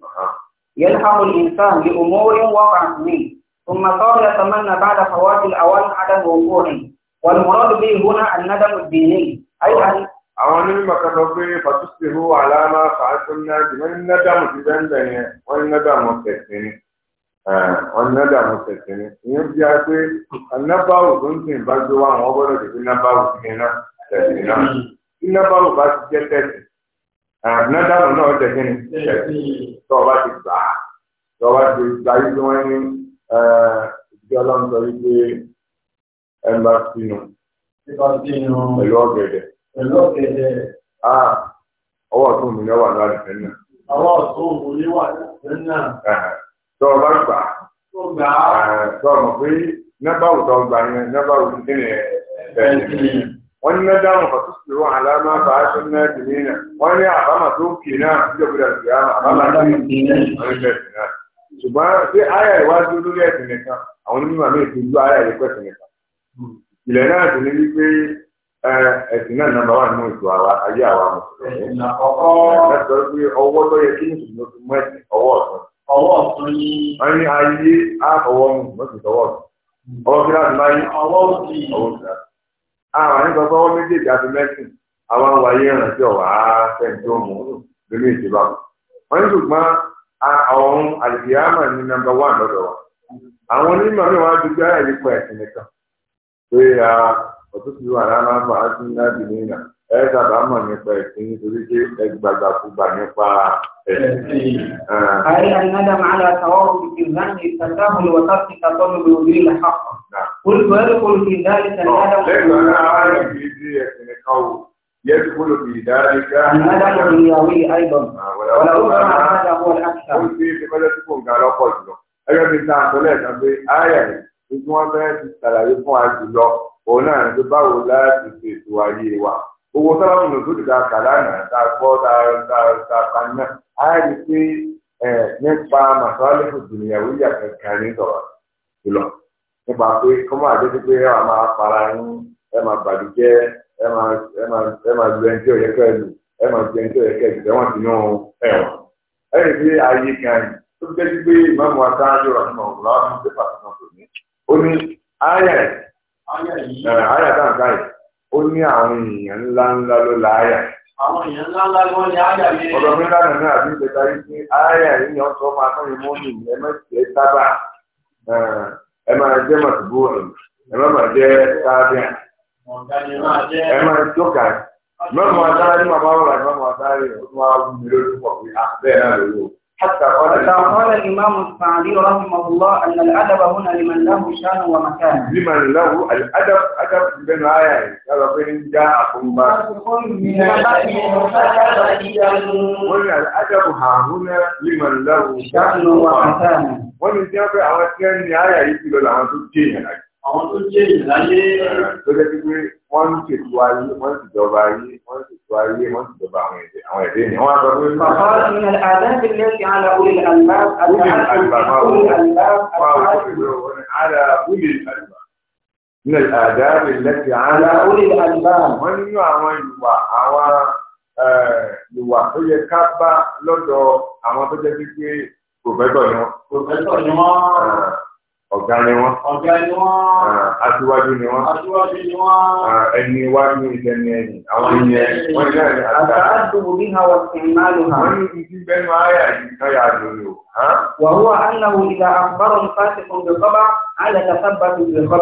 يلحق الإنسان بأمور وقعت منه ثم قال يتمنى بعد فوات الأوان عدم وقوعه والمراد به هنا الندم الديني أي أن àwọn onímọ̀ sọ pé fàtúnṣe wà láàmà fàásùnà ìwọ́n ní nádàmù ti dẹ́ndẹ̀ yẹn wọ́n ní nádàmù tẹ̀sìn ni wọ́n ní nádàmù tẹ̀sìn ni ìyẹn bí a pé anábàwò tó ń sìn bá gbé wa àwọn gbọ́dọ̀ tẹ̀sí nábàwò tẹ̀sìn náà tẹ̀sìn náà tí nábàwò bá ti jẹ́ tẹ̀sìn nádàmù náà jẹ kí ni tọ́ọ̀bá ti gbà á tọ́ọ̀bá ti gbà yí pé wọ́n ní ìdílé ọlọ́run sọ wípé ẹnba sínú pẹ̀lú ọ̀gẹ̀dẹ̀. pẹ̀lú ọ̀gẹ̀dẹ̀. a ọwọ́ tó mi lẹ́wà ní àlùfẹ́ náà. ọwọ́ tó mi lẹ́wà ní àlùfẹ́ náà. tọ́ọ̀bá gbà á. tọ́ọ̀bá. tọ́ọ̀mọ̀ pé nẹ́bàwù tó gbà yẹn nẹ́bàwù ti kí ni ẹ̀ wani na damu ka su tsoro alama ba a sun na dinina wani a ba masu kina da gudan kiyama a ba masu kina ṣùgbọ́n ṣé àyà ìwájú lórí ẹ̀sìn nìkan àwọn onímọ̀ mi ti gbọ́ àyà ìwájú ẹ̀sìn nìkan ilẹ̀ náà sì ní wípé ẹ̀sìn náà nàmbà wà nínú ètò àwa ayé àwa mùsùlùmí ni àwọn àníkàn fún ọwọ́ méjèèjì àti mẹ́sìn àwọn wáyé ìrántí ọ̀wá fẹ́ǹtì òmù lórí ìjọba wọn ní ṣùgbọ́n ọ̀hún àlìkìyàmà ní nọ́mbà wà lọ́dọ̀ wa àwọn onímọ̀ mi wá dúdú ayé nípa ẹ̀sìn nìkan pé ah, ọ̀tún ti wà lára máa ẹ sábà mọ̀ nípa ẹ̀sìn nítorí pé ẹ gbàgbà kúgbà nípa ẹ̀sìn. Ààrẹ àìnáda máa la tàwọ́rọ̀ bìbì láti ìtàkùn ìwọ̀tá sí ìtàkùn ìwọ̀bí ilẹ̀ àpapọ̀. Olùkọ́ ẹ̀rọ olùkọ́ ìdárí tàbí ah. Ádámù. Lẹ́gbàá náà á rí bí ti ẹ̀sìn nìkan wò. يدخل في ذلك الندم الدنيوي ايضا ولو كان هذا هو الاكثر. قلت قد تكون قال قلت له. اجل انت عم pé آية ìtumọ̀ bẹ́ẹ̀ ti ṣàlàyé fún àjùlọ òun náà ní pé báwo láti ṣètò ayé wa owó sábà ń lò lóde dáa kàlá náà dáa gbọ́ dáa dáa dáa kan náà á rí i pé nípa màsálẹ́ kò dùn ìyàwó yà kankan ní sọ̀rọ̀ jùlọ nípa pé kọ́mọ́ àdéhùn pé ẹ máa fara yín ẹ máa bàdújẹ́ ẹ máa ẹ máa ẹ máa lu ẹni tí ò yẹ kẹ́ lu ẹ máa ju ẹni tí ò yẹ kẹ́ lu ẹ wọ́n ti nú ẹ̀wọ̀n. ẹ rí i ayé kan tó fi jẹ́jú pé ìmọ̀mù aṣáájú rẹ̀ nínú ọ̀gbọ̀n láwọn ọmọdé pàtàkì ní. ó ní áyà yìí áyà táǹkà ó ní àwọn èèyàn ńlá ńlá ló la àyà. àwọn èèyàn ńlá ńlá ló ní àyà yẹn. ọ̀dọ̀ mi lánàá náà àbí ìgbẹ́ta yìí pé àyà yìí ni ọ̀sán máa tán ìmọ̀ mi ẹ má jẹ́ sábà ẹ máa jẹ́ màtúbú ẹ má máa jẹ́ sábà ẹ máa jókà mẹ́rin máa sáré ní màmá wọ̀lá ìmọ̀ máa sáré ọdún wa wù mí lórí pọ̀ pé àbẹ́ẹ̀ ah, náà lè wò ó. حتى قال قال الإمام السعدي رحمه الله أن الأدب هنا لمن له شان ومكان لمن له الأدب أدب بين آية فإن جاءكم من قلنا الأدب ها هنا لمن له شان ومكان ومن جاب أوتين آية يقول لهم تجيهنا àwọn tó jẹ́ ìláyé. tó jẹ́ pé wọ́n ń ṣètò ayé wọ́n ń ṣèjọba ayé wọ́n ń ṣètò ayé wọ́n ń ṣèjọba àwọn èdè àwọn èdè ni wọ́n á sọ pé. bàbá mi ní àdáàbí ní ẹ̀sìn àlà orí àlùbá àti àlùbá orí àlùbá àti àlùbá ní àdáàbí lẹ́sìn àlà orí àlùbá. wọ́n nínú àwọn ìwà àwọn ìwà tó yẹ ká bá lọ́dọ̀ àwọn tó jẹ́ pé pòfẹ́tọ̀ ni wọ́n. pòfẹ́tọ̀ ni wọ́n ọ̀gá ni wọ́n. ọ̀gá ni wọ́n. Ah, aṣíwájú ni wọ́n. aṣíwájú ni wọ́n. Ah, ẹni iwájú ìjẹni ẹni àwọn ìyẹn wọ́n ní àṣà. àṣà àdùnnú ní àwọn ìmáàlú hàn. wọ́n ní ibi bẹ́ẹ̀ máa yà yìí káyà lórí o. وهو أنه إذا أخبر الفاسق بالخبر على تثبت بالخبر.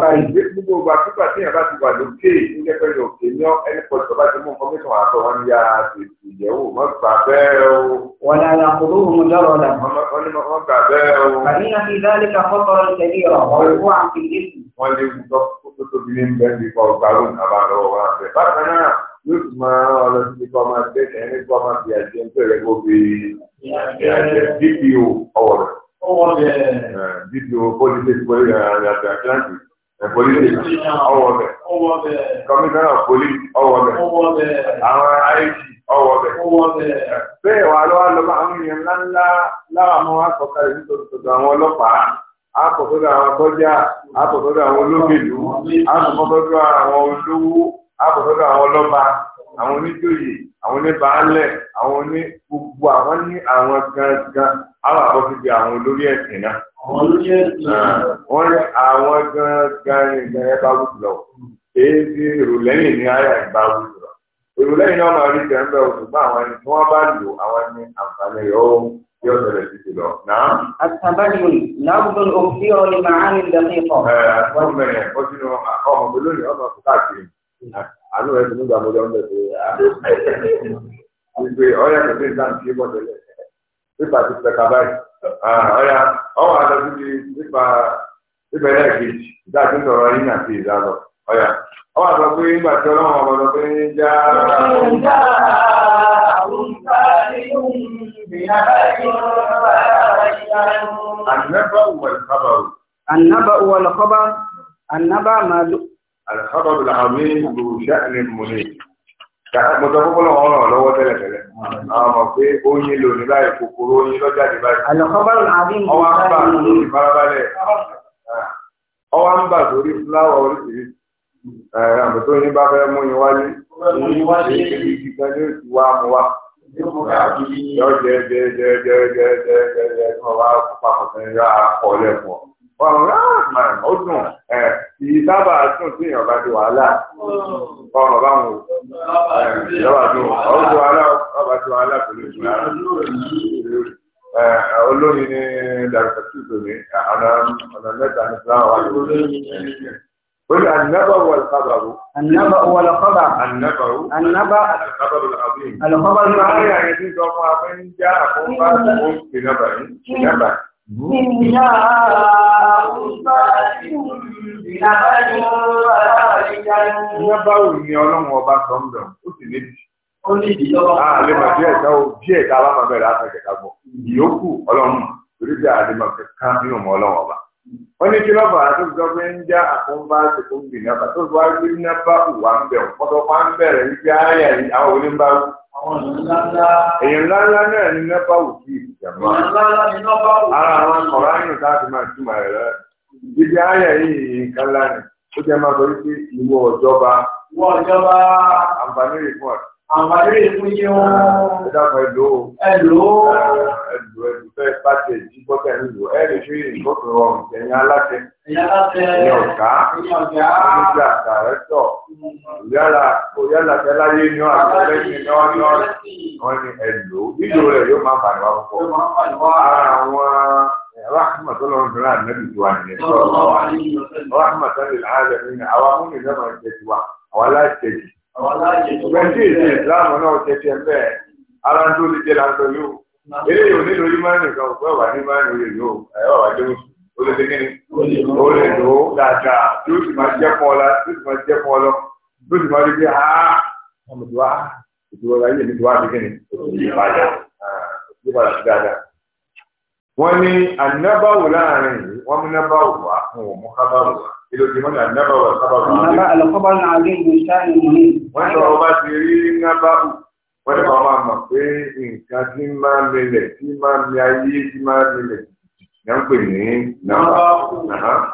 gbogbo ọgbà nígbà tí yàrá ti wà lókè nígbà pẹ̀lú òkè ní ẹnìkan tó bá ti mú kọmíṣọ̀n àtọ̀ wọn ya ètò ìyẹ̀wò wọn gbà bẹ́ẹ̀ o. wọ́n dà yà kúrú mu lọ́rọ̀ la. wọ́n ní wọ́n gbà bẹ́ẹ̀ o. àní àti ìdálẹ́ ka fọ́tọ̀rọ̀ ìtẹ̀lé rọ̀ wọ́n wọ́n àti ìdí. wọ́n lè wù lọ tóbi ní bẹ́ẹ̀ DPO ọwọrọ DPO police police atlantic police ọwọbẹ commissioner of police ọwọbẹ àwọn IG ọwọbẹ bẹ́ẹ̀ wà lọ́wọ́ lọ́wọ́ àwọn èèyàn ńláńlá láwọn àwọn akọkàlẹ nítorí tọ̀dọ̀ àwọn ọlọ́pàá akọ̀tọ̀dọ̀ àwọn sọ́jà akọ̀tọ̀dọ̀ àwọn olókèlú akọ̀tọ̀dọ̀ àwọn olówó akọ̀tọ̀dọ̀ àwọn ọlọ́ba àwọn oníjòyè àwọn oníbàálẹ̀ àwọn oní gbogbo àwọn ní àwọn gangan àwọn àbọ̀síbi àwọn olórí ẹ̀sìn náà. àwọn olórí ẹ̀sìn náà. Ah, wọ́n ní àwọn gangan ní ìgbà yẹn bá wùdù lọ. èyí ti ìrùlẹ́yìn ní àyà ìgbà wùdù lọ. ìrùlẹ́yìn náà máa rí jẹ́ńbẹ́ òṣùpá àwọn ẹni tí wọ́n bá lò àwọn ẹni àǹfààní rẹ̀ ó yọ sọ̀rọ̀ títí lọ. àtàbáyọ̀lì àánú rẹ̀ tún gbà mọ́jọ́ ń bẹ̀ pé gbogbo ọ̀yà tó dé ìdáhùn sí bọ́ọ̀dù rẹ̀ pípa ti pẹ̀ka báyìí ọ̀yà ah, ọ̀wọ́ àlọ́ síbi pípa pípa ẹ̀yà kejì dáàbí sọ̀rọ̀ yín àti ìdálọ́ ọ̀yà ọ̀wọ́ àlọ́ pé nígbà tí ọlọ́run ọmọ lọ pé ń já. ìjà àwọn ìgbà nínú ìgbìyànjú. ànábà wọ̀lùkọ́bà. ànábà wọ̀lùkọ́bà ànábà màdùn. الخطب العظيم ذو شأن منيب mo sọ fún wọn ràn lọ́wọ́ tẹ́lẹ̀tẹ́lẹ̀ àwọn ọmọ pé ó ń yín lónìí báyìí kòkòrò oyin lọ́jà dé báyìí. àlọ́kọ́bárò àbí ìgbà ọwọ́ ń bà lórí farabalẹ̀ ọwọ́ ń bà lórí fúláwà oríṣiríṣi àmì tó ní bá fẹ́ mú yín wálé èyí ti kan ní oṣù wa mú wa. yọ jẹ jẹ jẹ jẹ jẹ jẹ jẹ jẹ kí wọn bá papọ̀ sẹ́yìn yọ àkọọ́lẹ̀ fún ọ ọ̀rọ̀ àmàrà ó dùn ẹ̀ ìyí sábà dùn sí ìyànbá di wàhálà ọ̀rọ̀ bá wọn ìjọba dùn ọ̀rọ̀ di wàhálà ọba di wàhálà pẹ̀lú ìṣúná olómi ní dàgbà tí ìgbò ní ọ̀nà mẹ́ta ní fúláwà wà lórí. قل النبأ والخبر النبأ والخبر النبأ النبأ الخبر العظيم الخبر العظيم يعني دي جواب من جاء خبر بنبأ نبأ Níyà bá wù ní ọlọ́run ọba sọ́ndọ̀, ó sì lébi. Ó ní ìdílọ́wọ́. Àlè ah, mà díẹ̀ tá ó díẹ̀ tá alámọ̀bẹ̀rẹ̀ àtàkẹ́ta gbọ́. Ìyókù ọlọ́run torí bí ọlọ́run ọba. wọ́n ní kí ló fà á tó sọ pé ń já àkóńbá ti kó ń bì tó sọ wá pé bá wà ń bẹ̀ pa ń bẹ̀rẹ̀ wípé ayà yìí àwọn òní ń bá wù. ńláńlá náà ní bá ara àwọn máa túmọ̀ rẹ̀ ibi ayà yìí lánàá ó jẹ́ máa sọ wípé ìwọ ìwọ àǹfààní àǹfààní fún yín wọn. ẹ dákun ẹ lò ó. ẹ pàṣẹ yìí gbọ́dọ̀ ẹ lò fi ìgbọ́dọ̀ rọrùn ẹ̀yin aláṣẹ. ẹ̀yin aláṣẹ. ẹ̀yin ọ̀gá. ẹ̀yin ọ̀gá. oníṣẹ́ àgbà rẹ tọ̀. yálà yálà fẹ́ láyé ní àti lẹ́sìn ní ọ̀ ní ọ̀ ní ẹ lò ó. lílo yóò máa bà wá púpọ̀. ara àwọn rahma tó lọ́wọ́ àwọn amúnilẹ́mọ̀ ẹ̀jẹ̀ tiwa àwọn Ìgbẹ́sí ìsìn ìsìláàmù náà ṣe ti ẹgbẹ́ ara tó ti jẹ́ láńtọ yóò. Eléyìí ò nílò ìmánì kan òpin ọ̀wà ní ìmánì olè yóò ẹ̀ ọ̀wà jẹ́ oṣù. O lè ṣe kí ni? lò ó dáadáa tí ó sì máa jẹ́ fún ọlá tí ó sì máa jẹ́ fún ọlọ́ tí ó sì máa rí pé ha ọmọ tó wá ètò ọ̀la yìí èmi tó wá sí kí ni? Ìbàdà ìbàdà sí dáadáa. Wọ́n ní ànábàwò láàrin yìí, wọ́n mú nábàwò wá, wọn ìlò ìmọ̀ náà nábà wà sábà wà. nábà àlọ́kọ́bá náà àgbẹ̀ ìlú ìṣáàyè nìyí. wọ́n sọ ọba ti rí nábà wù wọ́n ní bàbá mọ̀ pé nǹkan tí máa milẹ̀ tí máa mi ayé tí máa milẹ̀ ní wọ́n pè ní nábà.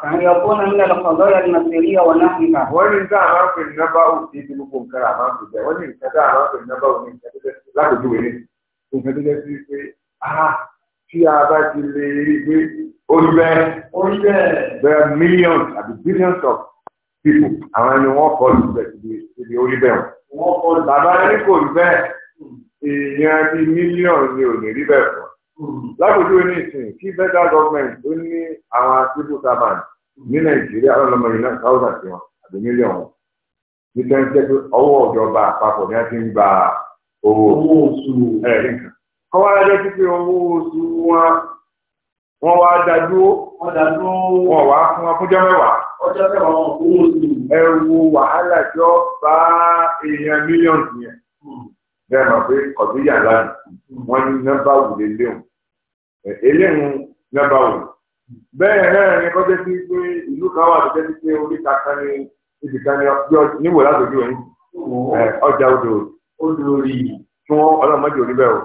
àyọ̀kọ́ náà ń lọ kọ̀dọ̀ yẹn ní nàìjíríà wọn náà nípa. wọ́n ní nǹkan àmọ́ pè ní nábà wù kí ibi gbogbo nǹkan àmọ́ pè jẹ́ wọ́n ní nǹkan tí a bá ti lè rí pé oríbẹ́ there are millions àbí billions of people àwọn ẹni wọ́n kọ́ lù bẹ́ẹ̀ ti di oríbẹ́ wọn. bàbá ẹni kò rí bẹ́ẹ̀ èèyàn bí mílíọ̀nù ni ò ní rí bẹ́ẹ̀ fún hmm. lábòjú ní ìsìn kí federal government tó ní àwọn civil servant ní hmm. nàìjíríà ọlọmọ yìí náà thousand tí wọn àbí mílíọ̀nù ní tẹ́ńtẹ́ pé ọwọ́ ìjọba àpapọ̀ ni a ti ń gba owó ẹ̀rí nǹkan kọ́ wá jẹ́ pípé owó oṣù wọn wọ́n wá dájú wọ́n wá fún wọn fúnjọ́ mẹ́wàá. ọjọ́ mẹ́wàá wọn kò wọ́n sí. ẹ wo wàhálà jọ bá èèyàn mílíọ̀nù yẹn. Hmm. bẹ́ẹ̀ mọ̀ pé kọ̀bíyà lánàá hmm. wọ́n ní nọ́mbà wù lélẹ́hùn. eléhùn nọ́mbà wù. bẹ́ẹ̀ náà ni kọ́jọ́ sí pé ìlú kan wà lọ́jọ́ sí pé orí kankan ní ibìkan ní ọjọ́ níwò látòjú ẹ̀yìn. Hmm. ọjà odò. odò rí i. kí wọ́n ọlọ́run oníbẹ̀ o.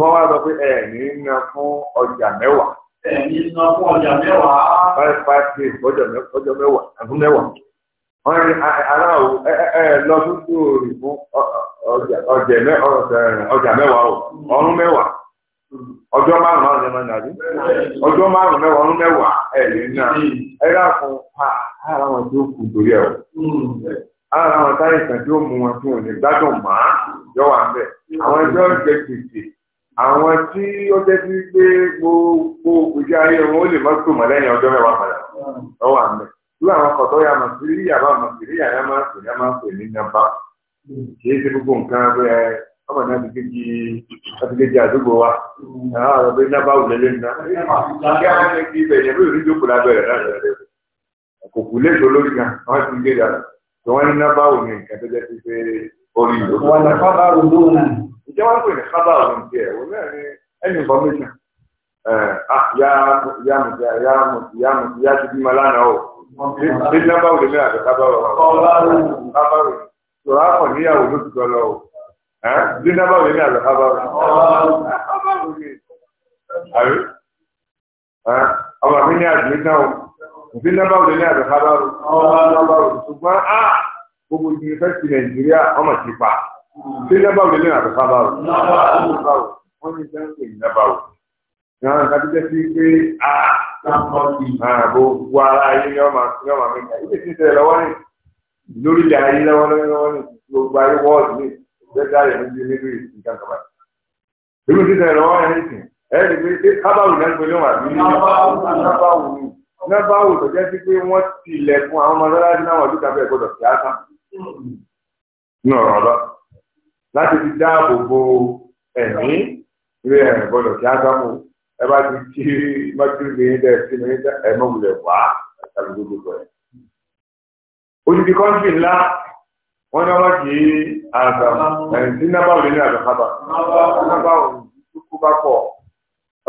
wọ́n wá sọ pé ẹ ní fún ọjà mẹ́wàá. ẹ ní fún ọjà mẹ́wàá. five five days ọjọ́ mẹ́wàá ẹ̀fún mẹ́wàá. wọ́n ní aráàlú ẹ ẹ lọ fún sóòrì fún ẹ ń ọjọ́ márùn mẹ́wàá mẹ́wàá lè ná hmm. ẹ ara àwọn táyà ìsàn tí ó mú wọn fún òní gbádùn máa yọ wà ń bẹ àwọn ẹjọ́ ìgbẹ́ tètè àwọn tí ó jẹ́ sí pé gbogbo òkùnjẹ ayé wọn ó lè má tó mọ̀ lẹ́yìn ọjọ́ mẹ́wàá padà yọ wà ń bẹ irú àwọn kọ̀tọ́ ya màsírí yàrá màsírí yàrá máa pè yàrá máa pè ní nàbà kì í ṣe gbogbo nǹkan pé ọmọ náà ti kéji láti kéji àdúgbò wa àwọn ọ̀rọ̀ pé nàbà wù lélẹ́ nà kí á ní kí ibẹ̀ yẹn bí òní jókòó lábẹ́rẹ̀ náà lẹ́rẹ̀ kò kù léṣo lórí kan wọ́n ti ń gé yàrá tí wọ́n ní nábàáwò ní nǹkan tó jẹ́ pípé orí ìlú. wọ́n lè kábàárò lónà. ìjẹ́ wọ́n ń pè ní kábàárò ní tiẹ̀ òun náà ní ẹni information ah, ya ya ya ya ya ya ti bímọ lánàá o ṣé nábàáwò lè mẹ́rin àti kábàárò. kábàárò sọ̀rọ̀ àpọ̀ níyàwó ló ti tọ́lọ o ṣé nábàáwò lè mẹ́rin àti kábàárò. kábàárò ni ọmọ mi ní àdìmí náà o òfin nọ́mbàrù lè ní àbẹ̀ kábàrù nọ́mbàrù ṣùgbọ́n a ah, gbogbo yunifásitì nàìjíríà ọmọ ti pa ṣé nọ́mbàrù lè ní àbẹ̀ kábàrù nọ́mbàrù wọ́n ní sẹ́ńtò ìnàbàrù ìyàwó nǹkan tó jẹ́ sí pé a ah, ah, gbogbo ara ayé ni wọ́n máa ní ọmọ mi kà ilé ti tẹ̀lé lọ́wọ́ ní lórí ilẹ̀ ayé lọ́wọ́ lọ́wọ́ ní gbogbo ayé wọ́ọ̀dù ní ìgbẹ́jà rẹ̀ níbi níbi nǹkan kaba. èmi ti tẹ̀lé lọ́wọ́ ní ẹ̀sìn ẹ̀ẹ́dì pé kábàrù náà gbé lóhùn àbí ní kábàrù ní nọ́bà wò tó jẹ́ sí pé wọ́n ti ilẹ̀kùn àwọn mọ́sálásí náà wọ́n dúkà bẹ́ẹ̀ gbọ́dọ̀ sí àtàn ní ọ̀rọ̀ ọ̀lọ́ láti fi dáàbò bo ẹ̀mí ìwé ẹ̀rìn gbọ́dọ̀ sí àtàn mú ẹ bá ti ti mọ́tìrì ní dẹ́ sí mi ẹ̀mọ́ wulẹ̀ wá àtàlù gbogbo ẹ̀. odidi kọ́ńtì ńlá wọ́n ní wọ́n kì í àtàn ẹ̀yìn tí nọ́bà wò ní àtàn kábà nọ́bà wò ní kúkú bá pọ̀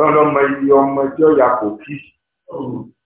ọlọ́mọ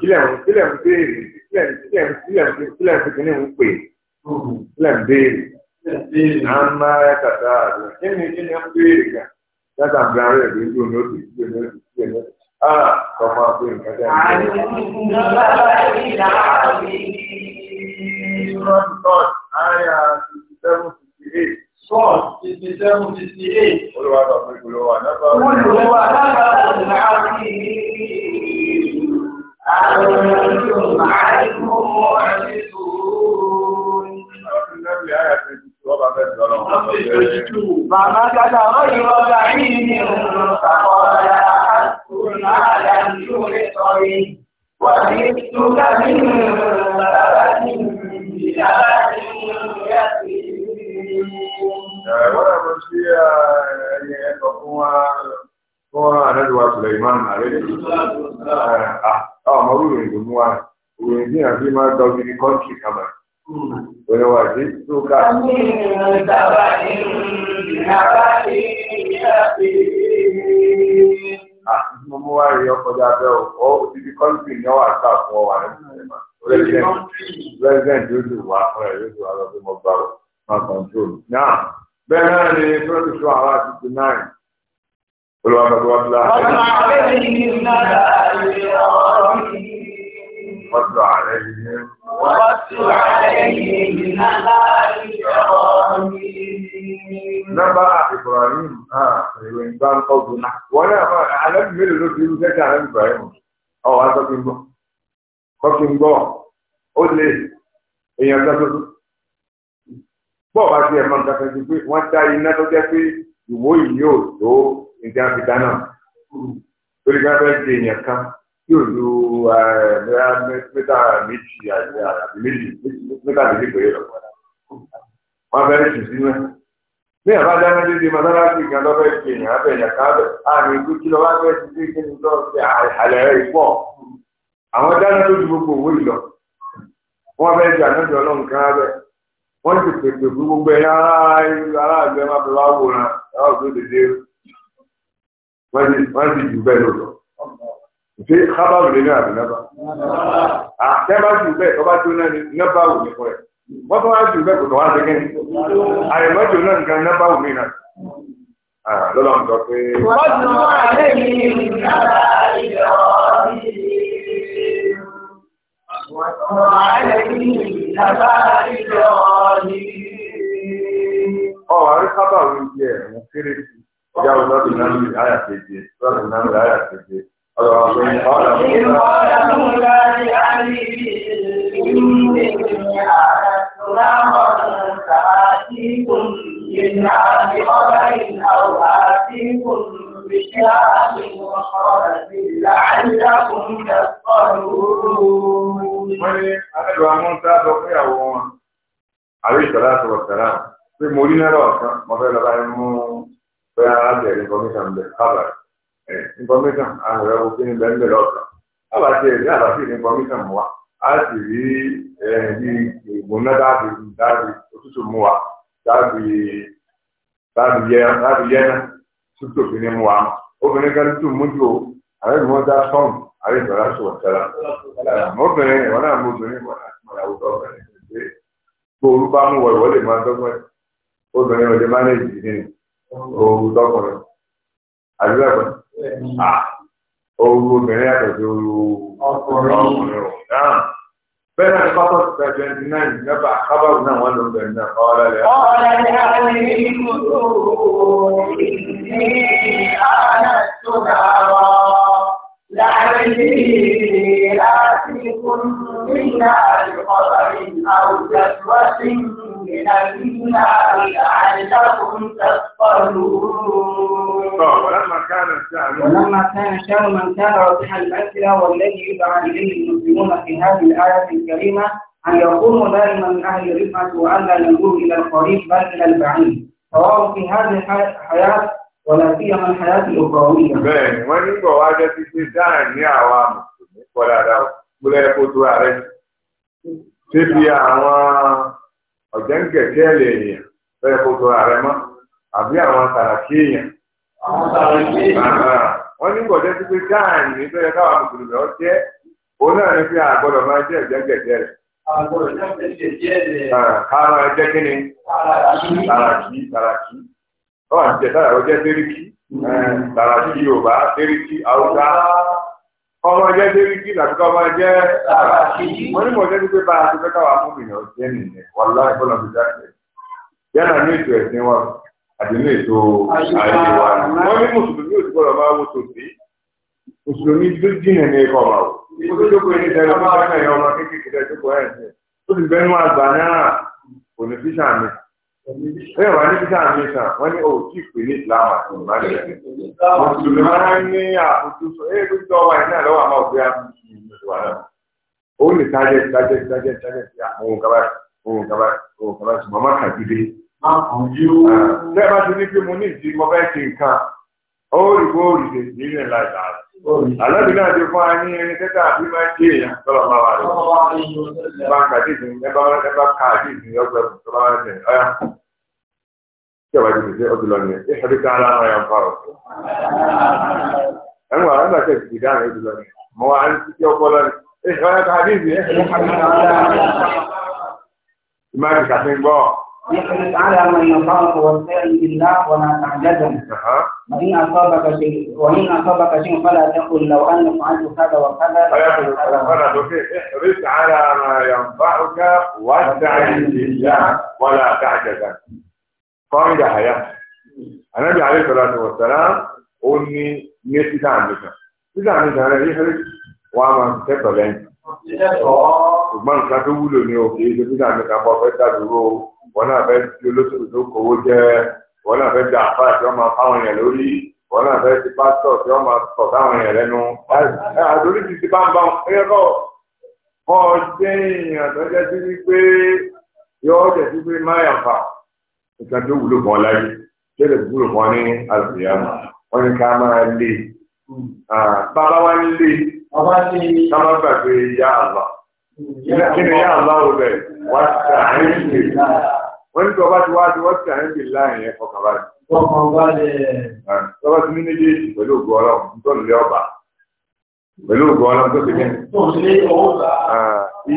kílẹ̀ ń béèrè amma ya kasa a zuwa kini kini an fi riga ya kan gan rai da ido ne otu ido ne otu ido ne a kama fi nka da ni aya 67 Sọ́ọ̀tù ti ti sẹ́wọ̀n ti ti é. Olúwa sọ pé kò ló wà lábàá. Wọ́n lò wà lábàá ọ̀nà àti àwọn ọ̀nà àìkú àti sùúrù. Ọ̀nà ìlànà àyàfi Màmá kàtà ọ̀rọ̀ ìrọ̀gbà yìí ni òun ṣàkọọ́lá àkùnrin àdá ní orí sọ́rí. Wà ní ìtura nínú bàbá ní ìjàmbá ní ìyá sí Wọ́n lọ sí ẹni ẹ̀kọ́ fún wa fún Anáduwa Suleiman Àrẹ́dì. Ọmọ orí ìròyìn tó mú wa, ìròyìn tí a fi máa dọ́gí ní kọ́ńtì kábàá. ويوعدتك من سبع بنبع Mo mú wá rí ọkọ̀ jábẹ́ ọ̀ ti di kọ́ńtì ní ọwọ́ àti àfọ̀ wà ní ìgbà. President yóò dùn wá fún ẹ̀ yóò dùn wá lọ sí mo gbà ó máa control. Náà bẹ́ẹ̀ náà ni twenty two hours fifty nine. Olùwàgbàgbà wá fúlá. Ọlọ́run àbẹ́rẹ́ yìí ní ìlú náà dáa ìrìn àwọn ọ̀rọ̀ yìí. واتل عليهم واتل عليهم نبأ إبراهيم آه يبان قوتنا ولا على من الرجل ذاك على إبراهيم أو هذا كنبو كنبو قل لي إيه هذا bọ́ọ̀ bá ti ẹ̀fọn kankan ti pé wọ́n dá iná tó jẹ́ pé ìwó yìí yóò tó ìdí àfidá náà torí ká fẹ́ di èèyàn kan tí ò lu eh, mẹ́ta méjì àti méjì mẹ́ta méjì péré lọ padà wọn fẹ́ẹ́ tù sínú ẹ bí àbá dáná dédé mọ́sálásí kan lọ́fẹ́ ti èèyàn abẹ́ ká ikú kí kíni lọ sí àlẹ́ rẹ̀ pọ̀ àwọn tó ju gbogbo wọn wọ́n ti pèpè gbogbo ẹ̀yà ṣe kábàrù lé ní àbí nábà àtẹ́bá jù bẹ́ẹ̀ tó bá jóná ní nábà wò fún ẹ̀ wọ́n tó jù bẹ́ẹ̀ kò tó wá dégé ní àyẹ̀mọ́ jóná nǹkan nábà wò mí náà lọ́lọ́ ń sọ pé. wọ́n ti mú àlẹ́ yìí nígbà ìjọ wọ́n ti mú àlẹ́ yìí nígbà ìjọ ọ̀ àrí kábàrù yìí ẹ̀ wọ́n kéré sí ìyá ọ̀dọ́ ìnáwó ìyá àyà kéje ìyá ọ̀dọ́ ìnáwó ìyá àyà kéje. Pé mo rí náírà ọ̀sán, mo fẹ́ lọ bá ẹ mú bẹ́ẹ̀ arábìnrin kọ́míṣàn bẹ̀ kábàárì information ààrẹ òfin ní bẹ́ẹ̀ bẹ́ẹ̀ ọ̀sán àbá ti ẹ̀rí àbá sí ní information mu wa a sì rí bí ìgbóná dáàbì dáàbì òtútù mu wa dáàbì dáàbì yẹn dáàbì yẹn náà tútù òfin ní mu wa obìnrin kan tútù mú jù ààrẹ ìmọ̀ dá sọ́ọ̀mù ààrẹ ìbára sọ̀rọ̀ tẹ́lá ọmọbìnrin ìwọ́n náà mú obìnrin ìwọ́n náà mọ̀ ìyàwó tó ọ̀bẹ̀rẹ̀ pé gbòòrú bá mú wọ̀lú wọlé máa dọ́gbọ́n obìnrin ọ̀dẹ̀ máa ń rìn jì nínú òòrùn dọ́kùnrin àdúrà kan Ooru obìnrin yàtọ̀ sí ooru ọkùnrin ò dáhùn. Bẹ́ẹ̀ náà pápá síta twenty nine mẹ́fà kábàrù náà wọ́n ló ń bẹ̀rẹ̀ náà kọ́ ọ́lá rẹ̀. Ọ̀rọ̀ ni a lè rí kúrò ní àná tó dára láàrin láti kún nígbà ìkọ̀ọ̀rìn àwùjọ tí wọ́n ti ń طيب، ولما كان الشعب من كان رابح الأسئلة والذي يدعى إليه المسلمون في هذه الآية الكريمة أن يقوموا دائما من أهل رفعة وأن لا ينظروا إلى القريب بل إلى البعيد سواء في هذه الحياة ولا سيما الحياة الأخروية. بين وين ní bọ̀ wá jẹ́ ti ṣe dáhùn ní àwa mùsùlùmí kọ́ dáadáa gbọ́dọ̀ ọ̀jẹ̀ ń kẹ̀kẹ́ ẹ̀lẹ̀ èèyàn wọ́n ní gbọ̀dẹ́ pípé táàmù ní tọ́yẹ káwọn mùsùlùmí ọ jẹ́ òun náà ní fi àgbọ̀dọ̀ máa jẹ́ ọ̀jẹ̀ ń rẹ̀. àgbọ̀dọ̀ jẹ́ kẹ̀kẹ́ rẹ̀. ká máa jẹ́ tàràkì tàràkì àti jẹ́ tàràkì ọmọ jẹ́ débi kí làbíkọ́ ọmọ jẹ́ mo ní mo jẹ́ pípé bá a ti fẹ́ káwá fún mi náà jẹ́ nìyẹn wọ́n lọ́ ẹ̀kọ́ lọ́ọ́ fi jáde yálà ní ètò ẹ̀sìn wa àti ní ètò ayé wa wọ́n ní mùsùlùmí ò ti gbọ́dọ̀ máa wo tòsí mùsùlùmí tó jìnnà ní ẹ̀kọ́ ọ̀ma o ó ti jókòó ní ìdájọ́ fún ọmọ kékeré tó kọ́ ẹ̀ ó ti bẹ́ẹ̀ nú àgbà náà kò ní fíṣà mi bẹ́ẹ̀ wá ní peter mason wọ́n ní òtí ìpínlẹ̀ islam àti ìmọ̀lẹ̀ mùsùlùmí máa ń ní àfojúsùn ẹ̀ tó tọ́ wa ìnáà lọ́wọ́ àmọ́ òbí àmọ́ ó lè tájẹ́ tájẹ́ tájẹ́ tájẹ́ sí àwọn ohun kaba ohun kaba ohun kaba ṣùgbọ́n má kà dìde. bẹ́ẹ̀ bá ti ní pé mo ní ìdí mo fẹ́ ṣe nǹkan ó rí bó rí lè nílẹ̀ láìláàlú. Àlọ́bí náà fún a ní ẹni tẹ́ta àbí máa èèyàn tọ́lọ máa wà rẹ̀. Bá ń ọgbẹ́ tó bá Tí ọ̀wá ti pèsè ọdún lọ ya ṣé ṣàbí káàlá máa yà ń fa ọ̀. Ẹ̀wọ̀n àwọn ẹgbẹ́ tẹ̀ ti dáhùn ọdún lọ nìyẹn. Mo wá ń títí ọpọlọ ni. Ṣé ọ̀yá احرص على من يخاف واستعن بالله ولا تعجزن وان اصابك شيء وان اصابك شيء فلا تقل لو ان فعلت كذا وكذا احرص على ما ينفعك واستعن بالله ولا تعجزه. قاعده حياه النبي عليه الصلاه والسلام قال لي نسي تعملها تعمل انا يحرص وما تبقى لين ṣùgbọ́n nǹkan tó wúlò ní òkè ìdókítà wọn náà fẹ́ di olóṣèlú tó kówó jẹ wọn náà fẹ́ di àfáà tí wọ́n máa fáwọn èèyàn lórí wọn náà fẹ́ di pásítọ̀ tí wọ́n máa sọ̀ táwọn èèyàn lẹ́nu àdórí ti ti bá ń bá wọn ẹ̀rọ kọ́ jẹ́ èèyàn tó jẹ́ sí wípé yọ ọ́ jẹ́ sí pé má yàn fà nǹkan tó wúlò kan láyé tẹ́lẹ̀ tó wúlò kan ní àlùyàmà wọ́n ní ká máa lé bàbá wa ń lé ká má gbàgbé yá àlá kí ni yá àlá ò wá sí àárín ìgbè wọ́n ní tọ́ba ti wá ti wọ́n ti kàn ń bì láàyè yẹn fọkàn balẹ̀. fọkàn balẹ̀. tọ́ba ti ní méjèèjì pẹ̀lú ògùn ọlọ́run nítorí ilé ọba pẹ̀lú ògùn ọlọ́run tó ti kẹ́.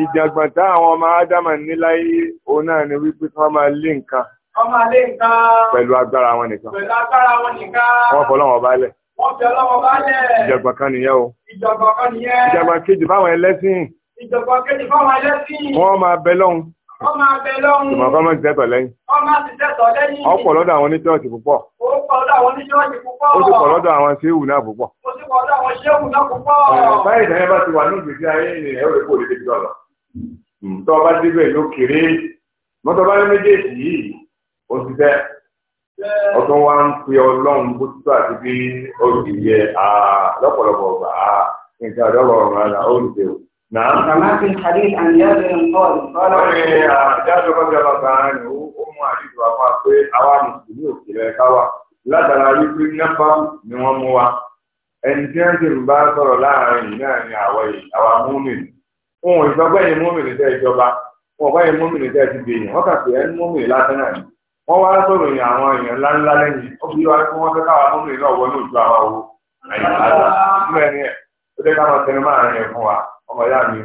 ìjàngbọ̀n tá àwọn ọmọ ádámà ní láyé òun náà ni wípé kí wọ́n máa lé nǹkan. wọ́n máa lé nǹkan. pẹ̀lú agbára wọn nìkan. pẹ̀lú agbára wọn nìkan. wọ́n fọ́ lọ́wọ́ balẹ̀. wọ́n fi ọlọ́wọ́ balẹ̀. ìjàngbọ̀n kan nìyẹn o. ìjàngbọ̀n kan nìyẹn. ìjàngbọ̀n kejì báwọn ẹlẹ́sìn. ìjàngbọ̀n kejì báwọn ẹlẹ́sìn. wọ́n máa bẹ lọ́hùn. Ọmọ abẹ lọ́run. Ìmọ̀ kan máa ti tẹ́tọ̀ lẹ́yìn. Ọmọ ti tẹ́tọ̀ lẹ́yìn. Ó pọ̀ lọ́dọ̀ àwọn oníṣọ́ọ̀ṣì púpọ̀. Ó pọ̀ lọ́dọ̀ àwọn oníṣọ́ọ̀ṣì púpọ̀. Ó sì pọ̀ lọ́dọ̀ àwọn ṣéwù náà púpọ̀. Ó sì pọ̀ lọ́dọ̀ àwọn ṣéwù náà púpọ̀. Báyìí ìdáyẹ bá ti wà ní ìgbésí ayé ni ẹ̀ rẹ̀ kò lè débi lọ́lọ́. Hmm, Tọ́ ọ bá débẹ̀ ló kéré. Mọ́tọ́ bá ní méjèèjì yìí, ó ti tẹ́. Ọtún wa ń pe Ọlọ́run bó tó àti bí ó ti yẹ lọ́pọ̀lọpọ̀ ọ̀gbà. Nǹkan àdọ́gbọ̀ ọ̀run ara ó lè dé o. نعم كما في الحديث عن جابر قال قال جابر رضي الله عنه أم علي وفاة أوان السلوك إلى كوا لا ترى يكون نفر من وموا ẹni tí wọn ti ń bá sọ̀rọ̀ láàrin yìí náà ni àwa àwa múmìnì wọn ò sọ pé ẹ̀yin múmìnì tẹ́ ìjọba wọn ò bá ẹ̀yin múmìnì tẹ́ ti dèèyàn wọn kà pé ẹ̀yin múmìnì lásán náà ni wọn wá sọ̀rọ̀ yìí àwọn èèyàn ńláńlá lẹ́yìn ó fi wá pé wọn fẹ́ káwa múmìnì náà wọnú ìjọ àwa wo àyíká lọ nígbà yẹn ó dé ká máa tẹnu máa rìn fún wa ọmọ ya mi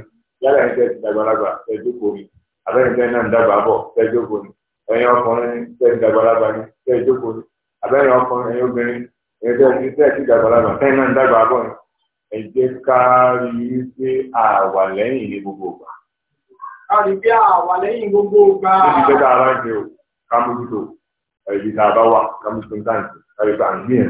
yálà ẹni tẹ́ ti dàgbàlagbà tẹ́ jókòó mi abẹ́ni tẹ́ náà ń dàgbà bọ̀ tẹ́ jókòó ni ẹ̀yin ọkùnrin ni tẹ́ ti dàgbàlagbà ni tẹ́ jókòó ni abẹ́ni ọkùnrin ẹ̀yin obìnrin ẹ̀yin tẹ́ ti tẹ́ ti dàgbàlagbà tẹ́ náà ń dàgbà bọ̀ ni ẹ jẹ́ ká rí i pé àwà lẹ́yìn ní gbogbo ìgbà. ká rí i pé àwà lẹ́yìn gbogbo ìgbà. ibi tẹ́ta ara o ká ibi tá a bá wà ká ń tàǹtì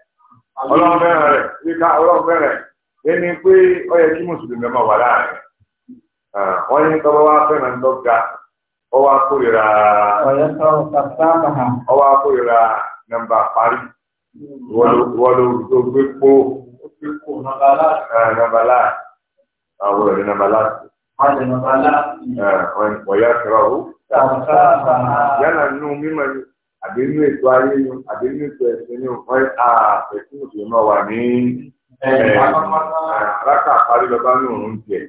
ọlọ́run fẹ́ràn rẹ̀ wíká ọlọ́run fẹ́ràn rẹ̀ ẹni pé ó yẹ kí mùsùlùmí ọmọ wà láàrin wọ́n ní tọ́wọ́ wá fẹ́ràn tó ga ọwọ́ akórira ọwọ́ akórira nọ́mbà parí wọ́n ló tó gbé pó nọ́mbà láàrin àwọn ọ̀rẹ́ nọ́mbà láàrin. Wọ́n yà sọ̀rọ̀ o. Yálà nù mímọ̀ ni àbí inú ètò ayé ni àbí inú ètò ẹ̀sìn ni wọ́n àfẹ́ tí mùsùlùmí náà wà ní rákà àparí lọ́ba ní òun tiẹ̀.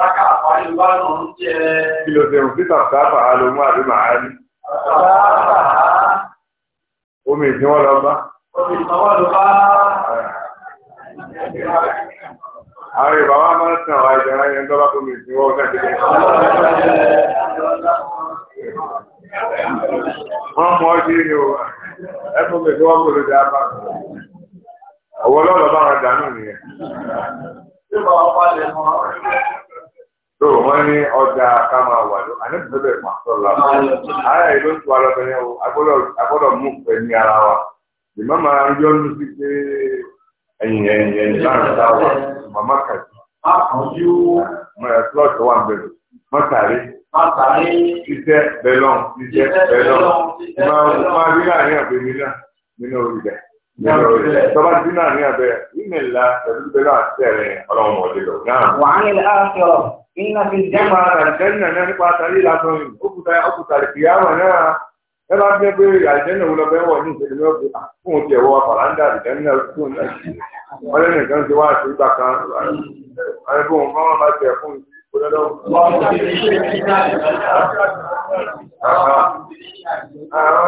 rákà àparí lọ́ba ní òun tiẹ̀. kí ló dé òfin tàbí àbàá ló mú àbí màá rí. omi ìsìn lọ bá. omi ìsìn lọ bá. àwọn yorùbá máa ń sìn àwọn ìjọba yẹn tó bá kó mi ìsìn náà dédé wọ́n mọ̀ ọ́ sí ni o ẹ̀fún mi tí wọ́n kò lè dá bá ọ̀wọ́ lọ́lọ́ bá wọn dànù nìyẹn. tó wọ́n ní ọjà ká máa wà ló àní tó bẹ̀ pa sọ̀rọ̀ ara yìí ló ń tu ara bẹ̀rẹ̀ o agbọ́dọ̀ mú pẹ̀ ní ara wa ìmọ̀ máa ń yọ ní sí pé ẹ̀yìn ẹ̀yìn ẹ̀yìn láàrín táwa màmá kàdí. a mọ̀ ẹ̀ fúlọ̀ṣì wà ń bẹ̀rẹ̀ mọ́tàrí ṣiṣẹ́ bẹ̀lọ́n ṣiṣẹ́ bẹ̀lọ́n máa rí láàrin àbẹ̀ mi náà nínú orí bẹ̀. Tọ́ba ti náà ní abẹ́ ìmẹ̀ ńlá pẹ̀lú bẹ́lá àti ẹ̀rẹ̀ ọlọ́run ọ̀dẹ lọ. Wà á nílẹ̀ àṣọ iná fi jẹ́. Nípa àtàlìjẹ́nì náà nípa àtàlì lásán yìí, òkúta òkúta ìyáwó náà ẹ bá fẹ́ pé àtàlìjẹ́nì wo lọ bẹ́ẹ̀ wọ̀ ní ìṣẹ̀lẹ̀ náà ah, fún òun ti ẹ̀wọ́ àfàlàndà àtàlìjẹ́nì náà fún òun náà. Ọlẹ́nìkan ti wá àṣírí bàkan, ẹ Àwọn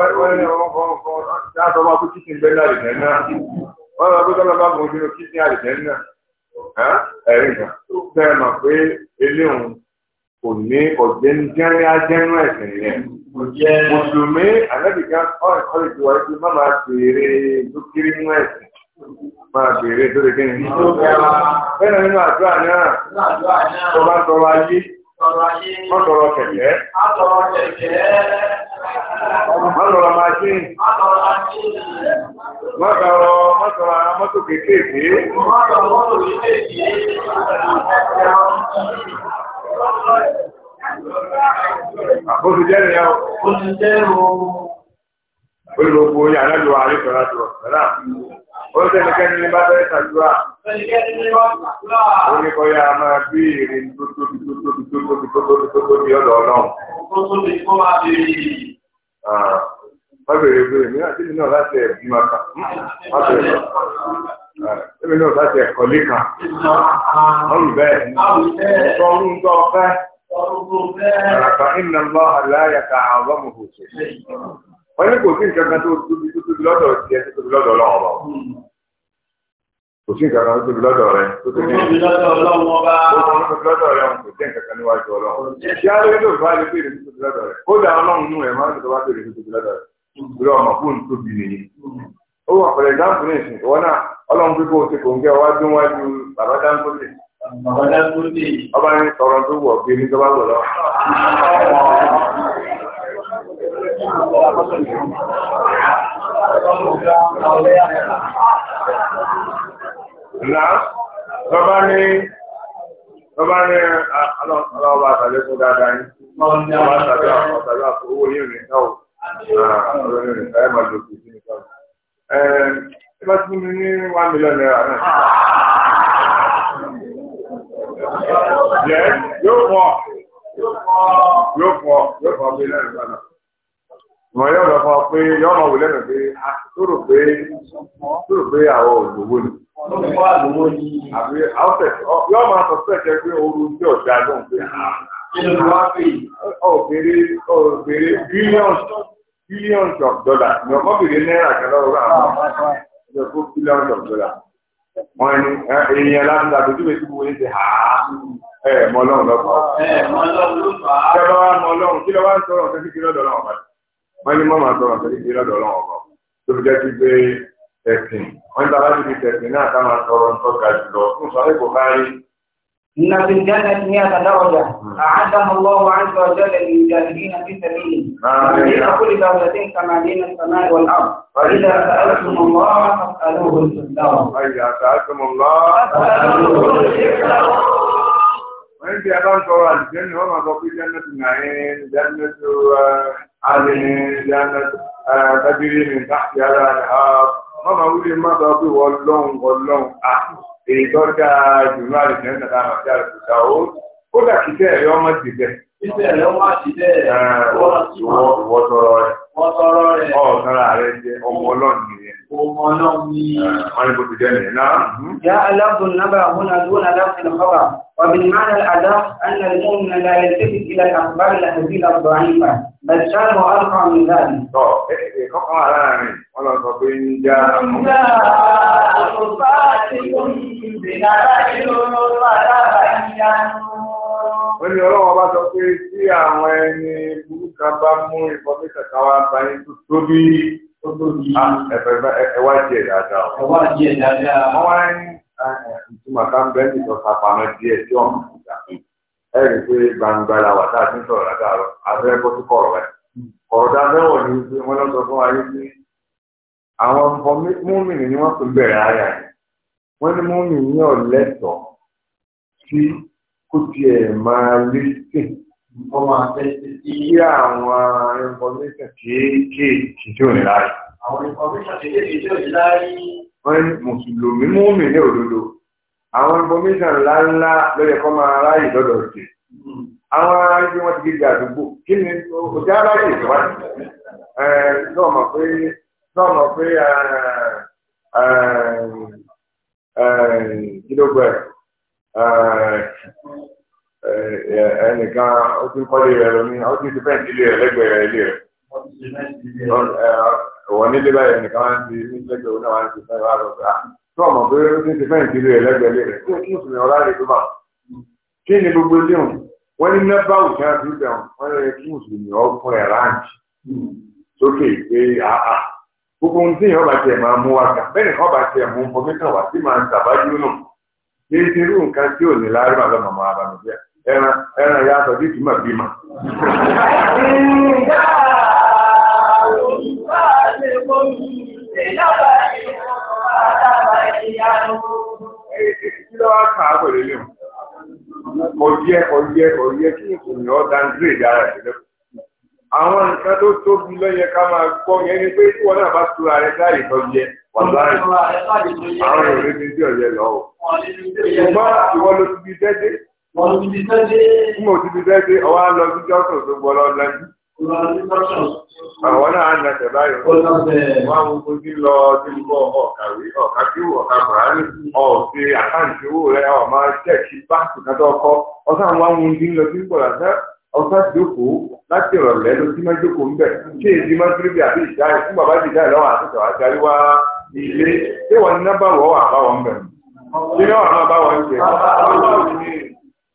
ẹgbẹ́ ni wọ́n kọ́ ọkọ̀ dáàtọ̀ máa kú títí ìgbẹ́ ní àrìjẹ́ náà. Wọ́n lọ pé tọ́lọ́ bá gùn ojú títí àrìjẹ́ náà. Ẹ̀rí kan bẹ́ẹ̀ mọ̀ pé eléhùn kò ní ọ̀jẹ́ ní jẹ́rìn ajẹ́rìn ẹ̀sìn yẹn. Mùsùlùmí àlẹ́bìkan ọ̀rẹ́kọ̀rẹ́ ti wáyé pé má máa fèrè dúkìrì nínú ẹ̀sìn. máa bèèrè tó lè kíni. bẹ́ẹ̀ nínú àdúrà náà tó bá tọrọ ayé wọ́n kẹ̀kẹ́ wọ́n tọrọ machine wọ́n mọ́tò kéékèèké. Àkóso jẹ́ nìyẹn o. Olùdókòwò yàrá ju àríkọ̀rọ̀ àti ọ̀sẹ̀ ó tẹ́nikẹ́ni ní bá fẹ́ ṣàdúrà ó ní kọ́ yá máa bí èrè tó tóbi tó tóbi tó tóbi tó tóbi tó tóbi ọ̀dọ̀ ọlọ́run. wọ́n bèrè pé wọ́n ní kò sí nǹkan kan tó tóbi tó tóbi lọ́dọ̀ tiẹ̀ tó tóbi lọ́dọ̀ ọlọ́run ọba kò sí nǹkan kan tó tóbi lọ́dọ̀ rẹ tó tóbi lọ́dọ̀ ọlọ́run ọba tó tóbi lọ́dọ̀ rẹ kò sí nǹkan kan níwájú ọlọ́run ṣé alẹ́ ló bá lè béèrè tó tóbi lọ́dọ̀ rẹ kódà ọlọ́run nù ẹ̀ máa ń tó bá béèrè tó tóbi lọ́dọ̀ rẹ ó wà pẹ̀lú ìdáhùn ní ìsìn ìwọ náà ọlọ́run pípọ̀ ṣe kò ń gẹ́ wá dún wájú bàbá dáńgọ́lé ọba ní sọ̀rọ̀ tó wọ̀ bí ní tó bá wọ̀ lọ. <laughs> Náà, bàbá ní bàbá ní ọlọ́ọ̀bá àtàlẹ́kùn dáadáa ní ọba àtàlẹ́ àkọ́tàlẹ́ àkọ́wò yìí rìn náà ọ̀rọ̀ rìn náà ẹ̀mà lòkù sí nìkan. Ẹ bá tún ní one million naira náà. Yẹ yóò pọ̀ yóò pọ̀ yóò pọ̀ bí náà nígbà náà ìmọ̀ yóò lọ fọ pé yóò máa wò lẹ́nu pé tó rò pé tó rò pé àwọn òdòwò ni. àbí àwọn tẹ̀sí yóò máa sọ sí ẹ̀jẹ̀ pé ooru tí ọ̀dà lóhùn pé ọ̀bẹ̀rẹ̀ ọ̀bẹ̀rẹ̀ bílíọ̀nù bílíọ̀nù of dollars ní ọkọ̀bìnrin náírà kan lọ́wọ́ àwọn ọ̀bẹ̀rẹ̀ fún bílíọ̀nù of dollars. wọ́n ní èèyàn láti ṣàpèjúwe tí wọ́n ti hà á ẹ̀ mọ́ ọlọ́run lọ́pàá. ẹ̀ mọ́ ọlọ́run lọ́pàá wọ́n ní mọ́mọ́ àtọ́rọ̀ tó ti lọ́dọ̀ ọlọ́wọ́ bọ̀ tó fi jẹ́ sí pé ẹ̀sìn wọ́n ta láti fi tẹ̀sìn náà ká máa sọ̀rọ̀ ń tọ́ka jùlọ fún sọ́lé kò kárí. إن في الجنة مئة درجة أعدها الله عز وجل للمجاهدين في سبيله دين كل دولة كما دين السماء والأرض فإذا سألتم الله فاسألوه الفردوس فإذا سألتم الله فاسألوه الفردوس wọ́n ti abá ń sọ̀rọ̀ àdìjẹ́ ni wọ́n máa sọ pé jẹ́nẹ́tì nàáyín jẹ́nẹ́tì àdìní jẹ́nẹ́tì kábírí ní táàkì ara rẹ̀ wọ́n máa wúlé má sọ pé wọ́n lọ́hùn wọ́n lọ́hùn à èyí tó dáa jùlọ àdìjẹ́ nàá máa fi àdìjẹ́ ta ó kódà kí tẹ́ ẹ̀yọ́ ti bẹ̀. Iṣẹ́ ẹ̀yọ́ má ti bẹ̀ wọ́n Wọ́n جاء لفظ النبأ هنا دون لفظ الخبر ومن معنى الأداء أن المؤمن لا يلتفت إلى الأخبار الهزيلة الضعيفة بل كان أرقى من ذلك. Wọ́n ní ọlọ́wọ́ bá sọ pé tí àwọn ẹni burúkú bá mú ìfọ́mísẹ̀ káwá báyìí tó tóbi Ah, ẹwà díẹ̀ dáadáa o. ẹwà díẹ̀ dáadáa. wọ́n wá ní ìtumọ̀ ká ń bẹ́ẹ̀ nìkan sàpamọ́ díẹ̀ tí wọ́n mú ìjà. ẹ rí i pé gbangba la a ti ń sọ̀rọ̀ látàárọ̀ abẹ́rẹ́ bọ́ sí kọ̀rọ̀ rẹ̀. ọ̀rọ̀ a fẹ́ wọ̀ ni pé wọ́n lọ sọ fún wa yé pé àwọn múmìnì ni wọ́n tún bẹ̀rẹ̀ ara rẹ̀. wọ́n ní múmìnì ní ọ̀lẹ́tọ̀ọ́ sí kó tiẹ̀ máa lé sìn wọ́n máa tẹ́sí iye àwọn information kéékèèké tí ò ní láàyè. àwọn information kéékèèké tí ò ní láàyè. wọ́n ní mùsùlùmí múmi ní òdodo àwọn information ńláńlá ló yẹ máa ráàyè lọ́dọ̀ ṣe. Hmm. àwọn aráàlú wọn ti gbégbé àdúgbò kí ni òjá ráàyè ìwádìí. ẹ lọ́mọ pé lọ́mọ pé kí ló gbẹ ẹnìkan ó ti ń kọ́lé rẹ̀ lómi ó ti ti fẹ́ǹtì ilé rẹ̀ lẹ́gbẹ̀ẹ́ ilé rẹ̀ wọ́n nílé báyìí ẹnìkan wá ń ti ní lẹ́gbẹ̀ẹ́ òun náà wá ń ti fẹ́ẹ́ wá lọ tó ọmọ pé ó ti ti ilé rẹ̀ lẹ́gbẹ̀ẹ́ ilé rẹ̀ kí ni mùsùlùmí ọlá rẹ̀ tó bá kí ni gbogbo ilé wọn wọ́n ní nẹ́bà òkè àti ìbẹ̀ wọn lè kí mùsùlùmí ọkùn ẹ̀ ráǹtì sókè pé àà ah, ah, gbogbo ohun tí èèyàn bá tiẹ̀ máa mú wa kà bẹ́ẹ̀ nìkan bá tiẹ̀ mú fọmíkàn wá sí máa ń tàbájú náà kí n ti rú nǹkan tí ò ní lárí màlọ́ màmá abàmì bíi ẹran ya sọ bíi tìmọ̀ bímọ. ìgbà òṣùpá ṣe kó kí ló ọ̀dà ń gbé ìyá rẹ̀ àwọn nǹkan tó tóbi lọ́yẹ ká máa yẹn ni pé wọ́n náà bá tura yẹ àwọn lọ́wọ́. ṣùgbọ́n ìwọ ló ti Mo ti fi dẹ́dé ọwọ́ lọ sí Jọ́sọ̀ tó gbọ́ lọ Àwọn náà ń lẹsẹ̀ báyìí. Wọ́n á wo lọ sí ibú ọ̀kàwé, ọ̀kàkíwò, ọ̀kàkùránì, ọ̀sẹ̀ àkáǹtì owó rẹ̀ ọ̀ máa ṣẹ̀kí báàkì kátó ọkọ. Ọ̀sán àwọn ohun ojú lọ sí ibú ọ̀làṣẹ́ ọ̀sán jókòó láti ìrọ̀lẹ́ ló sí mẹ́jọ́kòó ń bẹ̀. Ṣé èdè máa ń dúró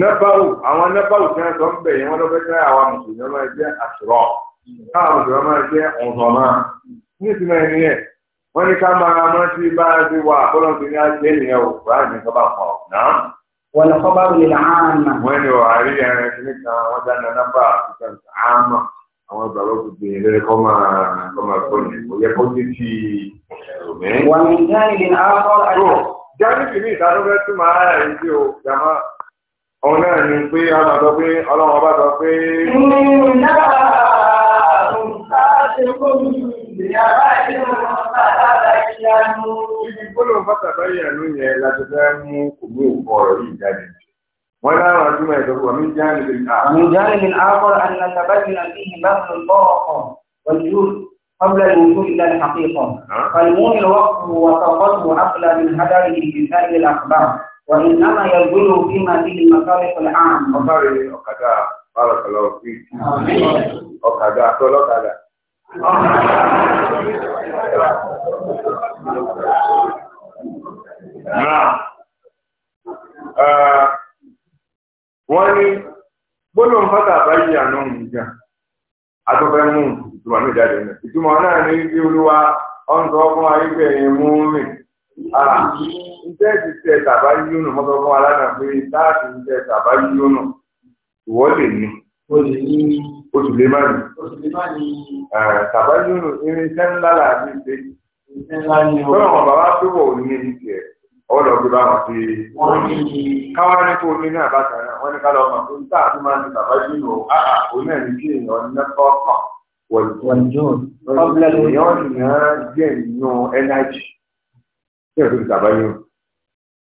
nẹ́bàwò àwọn nẹ́bàwò tí wọ́n sọ ń bẹ̀ yẹn wọ́n lọ́fẹ́ jẹ́ àwa mùsùlùmí ọmọ ẹgbẹ́ àṣùrọ̀ káwọn mùsùlùmí ọmọ ẹgbẹ́ ọ̀nàmá ní ìsinmi ẹni yẹn wọ́n ní ká máa rántí bá a ti wà bọ́lọ́mùsùlùmí ní ajé nìyẹn o kúrò àmì kọ́ bá pọ̀ náà. wọ́n lọ kọ́ bá wuli làánà. wọ́n ní ọ̀hárí ẹran kìíní kan wọ́n dáná nọ́mbà àtúntàn àmọ́ àwọn ìgbàgbọ́ gbogbo yẹn lẹ́rẹ́ kọ́ máa kọ́ máa kọ́ ni kò yẹ kó dé ti ẹ̀rọ̀mẹ́. wà ní jáde òun náà ni pé ọ̀nà sọ pé ọlọ́run ọba sọ pé. ìnà òǹkà ṣe kó mi ìyàrá ìlú ọ̀tá lára ìyanu. ibi gbọ́dọ̀ bàtàbá ìyànú yẹn láti fẹ́ mú kòmí òkú ọ̀rọ̀ yìí jáde. wọ́n láwọn ọdún mẹ́ẹ̀ẹ́dọ́ wà mí jáde lè ká. àmì jáde lè ábọ̀ ànàtàbájìnà bí ìbámu bọ́ ọ̀kan pẹ̀lú قبل الوصول إلى الحقيقة فالمؤمن وقته وطاقته من هدره في سائر الأخبار وإنما ينظر فيما فيه المصالح العام مصالح ọ̀kadà بارك الله فيك ọ̀kadà ọlọ́kadà wọ́n ní gbọ́dọ̀ ń báyìí àná òun jà àtọ́fẹ́ mú ìtumọ̀ ní ìjáde ìtumọ̀ náà ní bí olúwa ọ̀n sọ fún mú rìn ah. ntẹ́ ti tẹ tàbá yíyónù mọ́tò fún wa lánàá pé táàtì ń tẹ tàbá yíyónù ìwọ lè ní. o lè ní. o sì lè má ní. o sì lè má ní. tàbá yíyónù irinṣẹ́ ńlá là ní ìṣe. irinṣẹ́ ńlá ni o. bọ́lá wọn bàbá tó wọ̀ ní ní tiẹ̀ ọwọ́ lọ bí báwọn ti. wọ́n ní. ní kó ní ní àbáta náà wọ́n ní ká lọ mọ̀ pé táàtì máa ń tẹ tàbá yíyónù o. òun náà ní kí èèyàn ní kọ́kàn. wọ̀nyún. ọ̀bùnà lè yọ̀ọ́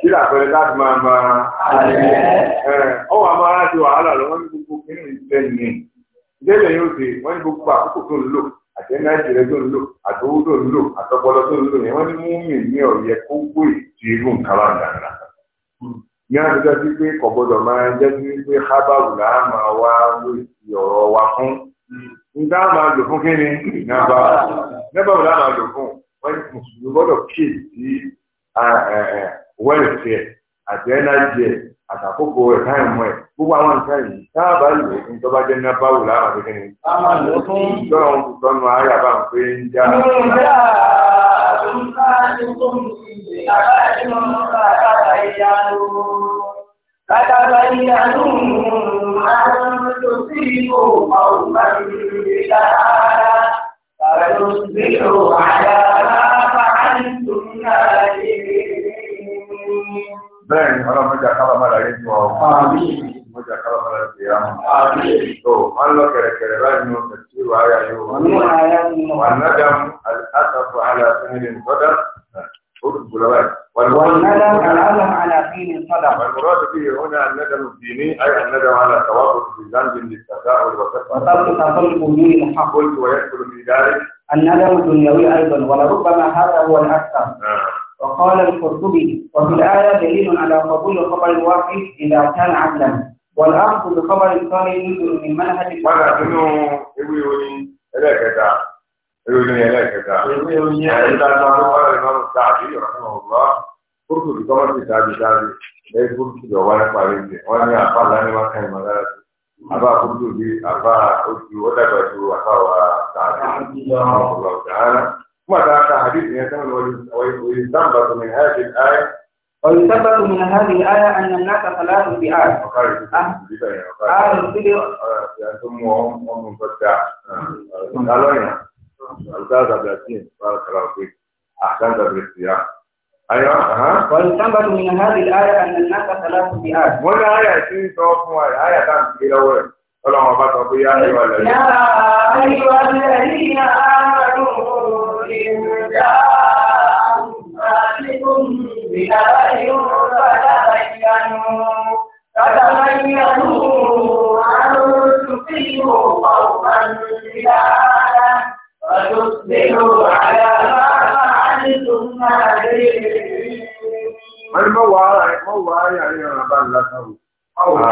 kí làpẹrẹ láti máa ma ọwọ́ àmọ́ ara ti wàhálà lọ wọ́n ní gbogbo kínní ìtẹ́ni ní ìdẹ́lẹ̀ yóò ṣe wọ́n ní gbogbo àkókò tó ń lò àti ẹ̀ńdá ìṣẹ̀lẹ̀ tó ń lò àtọwó tó ń lò àtọpọlọ tó ń lò yẹn wọ́n ní mú mi ní ọ̀yẹ kó gbó ìtì irú nǹkan wà dáadáa ní àtijọ́ sí pé kò gbọdọ̀ máa jẹ́ sí pé hábàrù làá máa wá lóṣì ọ̀rọ̀ wa fún nígbà máa lò fún kí ni nàbà nàbà wò làá máa lò fún wọ́n ní mùsùlùmí gbọ́dọ̀ kíyèsí wẹ́ẹ̀sì ẹ̀ àti ẹ́nájì ẹ̀ àtàkókò ẹ̀ táìmù ẹ̀ gbogbo àwọn nǹkan yìí sáàbà lò ní tó bá jẹ́ ní abáwò láwọn akékeré ní. ìjọba wọn kò sọnù ayé àbá ń pè ń já. Katabayanun an tusibu qawman bidara, fa yusbihu ala ma fa'altum nadimina. bẹ́ẹ̀ ni ọlọ́mọdé akábàmọ́ra rẹ̀ ti wà ó. Mọ́jà kábàmọ́ra ti yá mọ́. Tó wọ́n lọ kẹ̀rẹ̀kẹ̀rẹ̀ báyìí ní oṣù tí wàá yà yóò. Wọ́n والندم العزم على دين صدق والمراد به هنا الندم الديني أي الندم على توافق بذنب للتساؤل وترك تطلق دون الحق قلت ويدخل في ذلك الندم الدنيوي أيضا ولربما هذا هو الأكثر آه. وقال القرطبي وفي الآية دليل على قبول الخبر الواحد إذا كان عدلا والأخذ بخبر الثاني ينزل من منهج ولا إنه يقولون لا كذا يقولون لا كذا يقولون لا كذا قال الإمام السعدي رحمه الله قرطبي كما في سعدي سعدي لا يقول كذا ولا قارئ ولا أقل أنا ما كان مدرس أبا قرطبي أبا أجي ولا بجو أبا سعدي رحمه الله تعالى ثم تأتى حديث يتمنى ويستنبط من هذه الآية ويثبت من هذه الآية أن الناس ثلاث فئات أهل الصدر ثم هم هم من قالوا الأستاذ عبد العزيز بارك الله فيك أحسنت بالاختيار أيوة ها ويستنبط من هذه الآية أن الناس ثلاث فئات ولا آية شيء توقف آية كان في الأول ولا ما بقى يا أيها الذين آمنوا Mọ́lúmọ́wàá ayà ní ọ̀nà bá ń lásán wò àwọn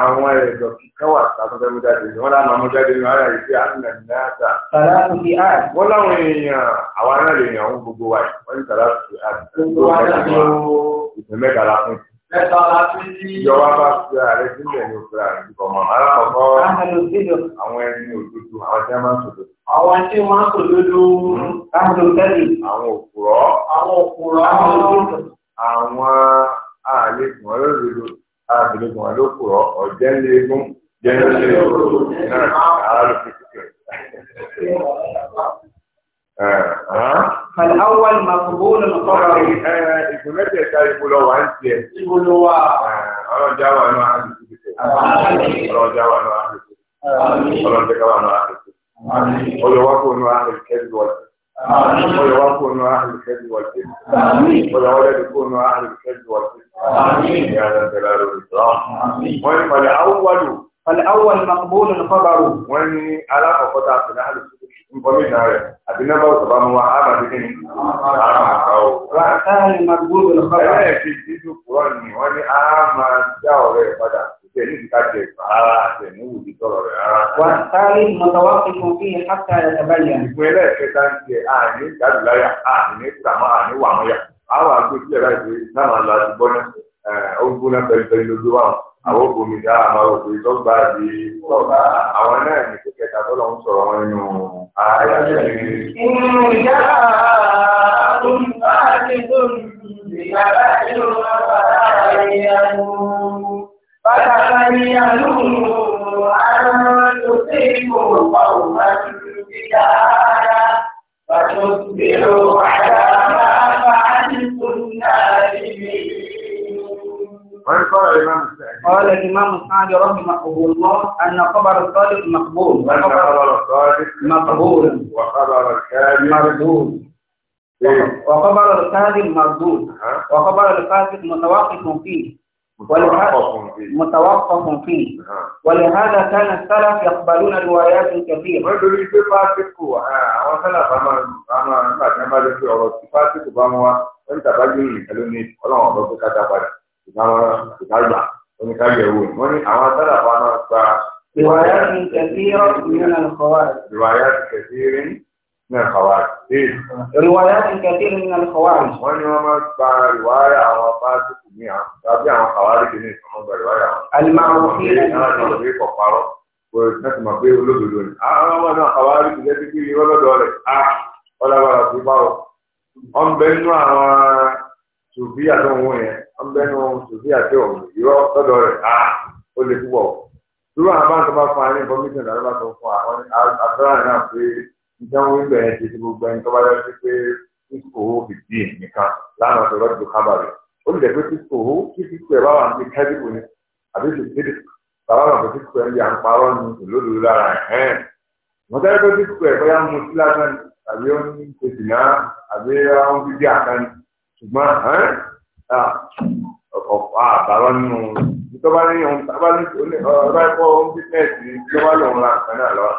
àwọn ẹ̀dọ̀ kíkẹ́ wà sáfẹ́fẹ́ mú jáde ní wọ́n láwọn mú jáde ní ara ìdí àmì náà tàlátù fi àì. wọ́n láwọn èèyàn àwọn náà lè yàn án gbogbo wa yìí wọ́n ní tàlátù fi àì. gbogbo wa náà ló ìpín mẹ́ta la fún. mẹ́ta la fún sí. ìjọba bá fi ààrẹ sílẹ̀ ní òkúra ìdìbò ọmọ alákọ̀ọ́kọ́. àwọn ẹni òdodo àwọn tí wọ́n máa ń sòdò. àwọn tí wọ́n máa ń sòdodo. àwọn òpùrọ̀. àwọn òpùrọ̀. àwọn àlejò àbílẹ̀gùn àlòkùrọ̀ ọ̀jẹ̀lẹ̀gùn jẹ́lẹ̀gùn náà àlòkùrọ̀. فالأول مقبول مقرر. يقول لك يا شايف لو أنت يقول هو أنا جاوا أنا أهل أنا جاوا أنا أهل أنا جاوا أنا أهل أولواكم أهل الكذب والكذب ولا يكون أهل الكذب والفتن ولا ولد يكون أهل الكذب والفتن يا ذا الجلال والإكرام فالأول فالأول مقبول خبره وإني على فقط في أهل nkomina rẹ àti nọmba òsòbá mu wa ama bí kíni ama ká o. wà á ká ní tẹ̀lé ìdíkà tẹ̀ rárá tẹ̀ ní wùdí tọ̀rọ̀ rẹ̀ rárá. wà á sáré mọ̀tàwá fi kún bí hàtà ẹ̀dàbáyà. ìpín ẹlẹ́ẹ̀kẹta ń jẹ àní ìdádùláyà àní ìtàmọ́ àní wàmúyà àwọn àgbẹ̀sílẹ̀ láti náà máa lọ àti bọ́ná ọgbọ́n náà pẹ̀lú lójú wa àwọn òbòmí dá àwọn òbòmí tó gbà àwọn náà ní kíkẹta tó lọ sọ̀rọ̀ wọn nínú ààyè ìlú wa bá ààyè àwọn. فتصبحوا قال الإمام السعدي رحمه الله أن خبر الصادق مقبول وخبر الصادق مقبول وخبر الكاذب مردود إيه؟ وخبر الكاذب مردود وخبر الفاسق متوقف فيه متوقف فيه ولهذا كان السلف يقبلون روايات كثيرة روايات كثيرة من الخوارج روايات كثيرة من الخوارج إيه؟ روايات كثير من الخوارج وأنا ما أتبع رواية أو فاسق جميعا تابع عن خوارج من يسمون رواية المعروفين أنا تنظيف وقارو ونسمع فيه ولو بدون أنا أنا خوارج التي في ولا دولة آه ولا ولا في باو أم بينو أنا سوفيا تونوين أم بينو سوفيا تون يو تدولة آه ولا في باو Dúró àwọn bá ń sọ bá fún wa ní information ìdánilá tó fún wa, àwọn àdúrà náà pé ìjọba ń bẹ̀rẹ̀ ti ti gbogbo ẹni tó bá dá sí pé fífò fìdí nìkan lánàá tó lọ́dún kábàárẹ̀ ó lè pé fífò kí fífò ẹ̀ bá wà ní kẹ́díkù ni àbí fìdí bàbá bàbá fífò ẹ̀ ń yà ń parọ́ ni ìlódò lára ẹ̀ ẹ̀ wọ́n tẹ́lẹ̀ pé fífò ẹ̀ bóyá mu sí lásán àbí ó ń tètè náà àbí ó ń fídí àkànni ṣùgbọ́n àbárọ́ nínú ìtọ́ba ní ọ̀rọ̀ ẹ̀kọ́ fífẹ́ẹ̀sì ìjọba lòun ra kan náà lọ́wọ́.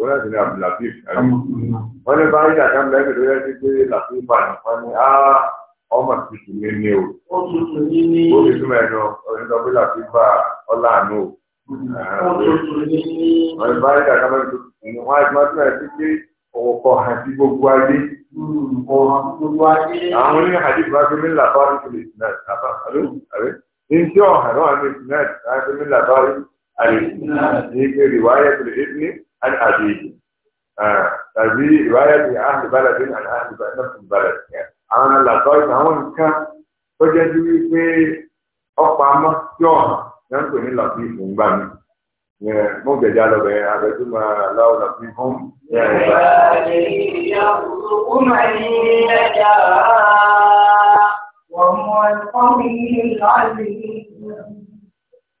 wọ́n láti ní abdulatif ẹ̀rí wọ́n ní bá yíyá kan lẹ́yìn tó yẹ kí pé làtúbà nìkan ni á ọmọ tuntun mi ni o ó tuntun mi ni ó fi túmọ̀ ẹnu ọ̀rẹ́dọ̀ pé làtúbà ọ̀là àánú o ó tuntun mi ni wọ́n ní bá yíyá kan lẹ́yìn tó tuntun ni wọ́n á ti máa túmọ̀ ẹ̀ sí pé ọ̀pọ̀ àti gbogbo ayé àwọn oníyàn àti ìgbà pé mi làbá rí kò lè àbá àló àbẹ ní tí ọ̀hàn náà عن أبيه آه هذه رواية أهل بلد عن أهل نفس البلد يعني أنا لا طيب هون كان فجدوا في أقامة يوم نحن إن لطيف بني mo gbẹ̀dá lọ bẹ̀rẹ̀ abẹ́tú máa láwọ̀ lọ fún hàn.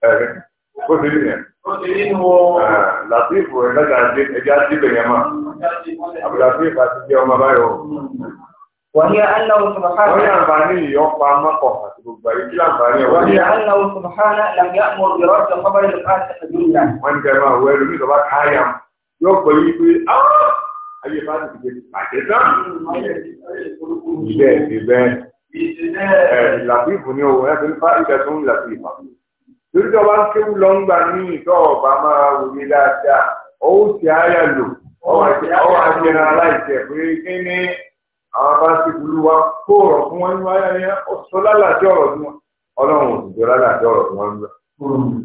Ẹ̀rẹ́ bó ti rí Ah, Làtífù ẹ̀dájà ẹja síbẹ̀ yẹn máa. Àbùlàtífù àti jẹ́ ọmọ báyọ̀. Wọ́n yẹ Allahu Subhanahu. Wọ́n yẹ àǹfààní yìí ọ̀pá mọ́kọ̀ àti gbogbo àyè kí láǹfààní ọ̀wọ́. Wọ́n yẹ Allahu Subhanahu làbí àmọ̀ ìrọ̀ ọ̀sẹ̀ kọ́bárì lọ́pàá àti ẹ̀dúnlá. Wọ́n ní kẹ́rin máa wọ ẹlòmí ìjọba káyà torí tó bá ń kéwù lọ́ngbà ní ìtọ́ ọ̀bá máa wòye dáadáa ọwọ́ ti àyà lò ọwọ́ àjẹrà aláìjẹ pé kí ni àwọn bá ti burú wa kó ọ̀rọ̀ fún wọn nínú àyà yẹn sọ lálàjẹ́ ọ̀rọ̀ fún wọn ọlọ́run ò sì jọ lálàjẹ́ ọ̀rọ̀ fún wọn lọ. Hmm.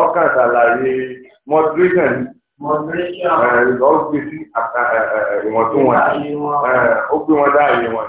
ọkàn ṣàlàyé moderation moderation ọgbẹ́ sí ìwọ̀ntúnwọ̀n ó gbé wọn dá àyè wọn.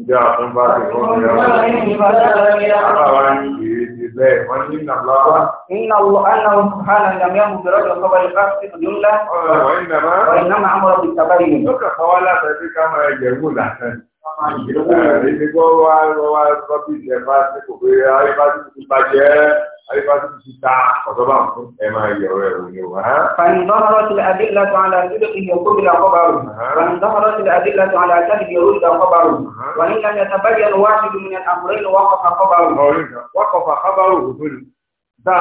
ìjọ àtúnbá ti fún mi lọ. Àbáwá ní ìrè ti bẹ́ẹ̀, wọ́n ní nà lọ́wọ́. Iná lọ aná hànà ìdàmú ẹ̀mú bẹ̀rẹ̀ ọ̀dọ̀ kọ́ba ìfá sí ìlú ńlá. Ọ̀rọ̀ ìnàmá. Ọ̀rọ̀ ìnàmá àmọ́ ọ̀dọ̀ ìtàbá yìí. Ó kà Èmi kọ́ wá wá kọ́bí ìjẹba tí kò pé Arifásí ti bá jẹ́ Arifásí ti ta ọ̀dọ́ bá fún ẹ máa yọ ọ̀rẹ́ òun ni wá. Fàyìndọ́fọ́rọ́ ti Adéla tó àlà ìdílé ìyẹn òkúbi la kọ́ bàrù. Fàyìndọ́fọ́rọ́ ti Adéla tó àlà ìtàlì ìyẹn òkúbi la kọ́ bàrù. Wàní ìlànà tabayẹ̀ ni wá sí ìdúnyẹ̀ àmúrẹ́ ni wákọ̀fà kọ́ bàrù. Wákọ̀fà kọ́ bàrù òfin. Tá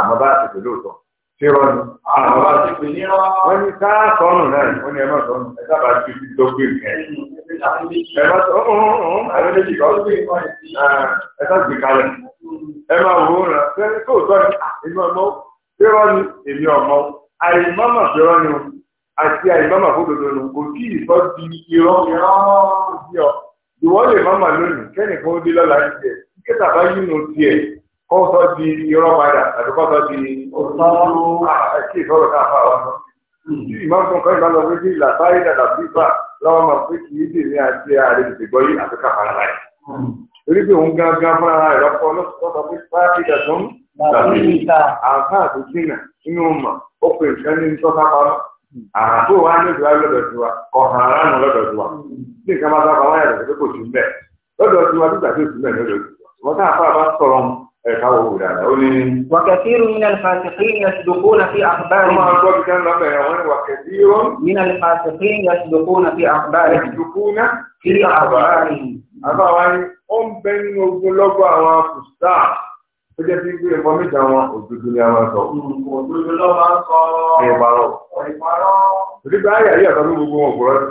a bá gbọ́ Tírọ̀ ni. Àwọn àti pè ní ọ́. Wọ́n ní ká sọ́nù náà ni, wọ́n ní ẹ má sọ́nù, ẹ sábà ti fi tó gbé nǹkan. Ẹ má sọ ọ́n ọ́n àwọn méjì kan gbé ẹ sá gbé kalẹ̀. Ẹ máa wò ó rẹ̀, ṣé kò tọ́ ah, ni èmi ọmọ tírọ̀ ni èmi ọmọ. Àìmọ́mọ̀ tírọ̀ ni o, àti àìmọ́mọ̀ fódodo ni kò kí ìtọ́ di irọ́ irọ́ sí ọ. Ìwọ́lẹ̀ mọ́mọ̀ lónìí, kẹ́nìkan ó dé lọ́la ń jẹ, kíkẹ́tà bá yín nù tiẹ̀ ó sọ di irọ́ padà àdúgbò sọ di òtútù àti ìfọ̀rọ̀ náà fà wọn. tí ìmọ̀tún kan ìbá lọ pé bí làbáyé dàdà bíbà lọ́wọ́ máa pé kì í dè ní àti ààrẹ ìdìbò yìí àti kàfàrà láì. torí pé òun gangan fúnra rẹ̀ lọ́pọ̀ lọ́sọ̀tọ̀ pé fáàkì dàtún làbí àǹfà àtúntìnà nínú ọmọ ó pè nǹkan ní tọ́ka pamọ́. àbò wa ní ìdúrà lọ́dọ̀ tiwa ọ̀hàn aráàlú lọ́dọ̀ tiwa bí nǹkan máa bá wa yàtọ̀ pé kò sí mbẹ́ lọ́dọ̀ tiwa nígbà tó sì mbẹ́ lọ́dọ̀ tiwa wọ́n tá a fà bá sọ̀rọ̀ وكثير من الفاسقين يصدقون في أخبارهم من الفاسقين يصدقون في أخبارهم يصدقون في أخبارهم àbá wa ni ó ń bẹ nínú ogun lọ́gbọ́ àwọn fùsà ó jẹ́ sí pé ẹ̀kọ́ méjì àwọn òdodo ni a máa sọ. òdodo ló máa ń sọ ìparọ́. ìparọ́. nígbà ayé ayé àtọ́ ní gbogbo wọn kò rọ́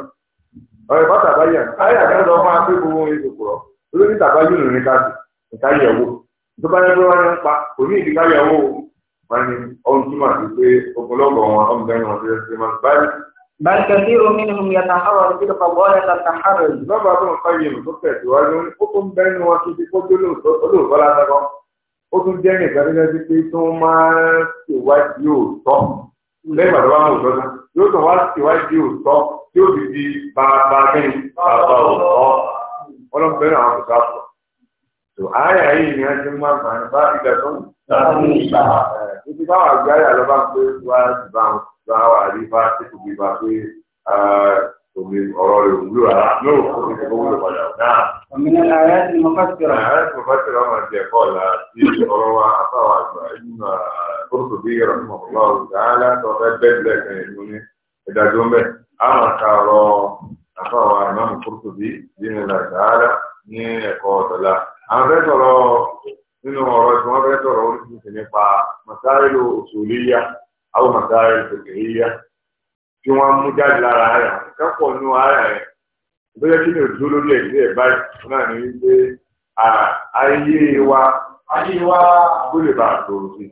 ọ̀rẹ́ bá tàbá yẹn ayé àtọ́ máa pé gbogbo wọn èso kò rọ́ olórí tàbá yìí nìkan ká sí ìka yẹ̀ wò tó bá yẹ kó wọn ń pa kò ní ìdí káyàwó wọn ni ọ̀hún túmọ̀ sí pé ogunlọ́gọ̀ wọn ọ̀hún bẹ́ẹ̀ ni wọ́n ti rẹ̀ sí máa báyìí. بل كثير منهم يتحرر تلك ضالة التحرر. بابا ابن القيم فكرت وأنه حكم بين وكيف قتلوا قتلوا فلا تقم. قتل جاني كان يجي ثم سواد يوسف. لما رواه مسلم يوسف سواد يوسف يوسف بابا بابا ọlọ́run bẹ́ẹ̀ àwọn ọ̀gá àpò tó ààyè yìí ni wọ́n ti mú àǹfààní bá ìgbà tó ń títí báwọn àgbáyà lọ bá ń pé wá sí bá ń bá wà rí bá sí kò bí bá pé òbí ọ̀rọ̀ rẹ̀ ò wúlò rárá ní òkú ní kò wúlò padà náà. òmìnira ààrẹ ti mọ fásitìrọ. ààrẹ ti mọ fásitìrọ máa di ẹ̀kọ́ ọ̀la sí ọ̀rọ̀ wa àfáwà àgbà ìgbìmọ̀ àkóso bí yẹ̀rọ fún ọ̀pọ̀lọ́ ọ̀gáàlá tó fẹ́ bẹ́ẹ̀ bẹ́ẹ̀ kan ìlú ní ìdájọ́ àwọn fẹ́ sọ̀rọ̀ nínú ọ̀rọ̀ tí wọ́n fẹ́ sọ̀rọ̀ oríṣiríṣi nípa masáìlú òṣòlíyà àwọn masáìlú tòkèyíyà tí wọ́n mú jáde lára àyà kẹ́pọ̀ nínú àyà rẹ̀ bóyá kí ni òdúró lórí ẹ̀ Ayé wa ó lè bá àtòrò sí.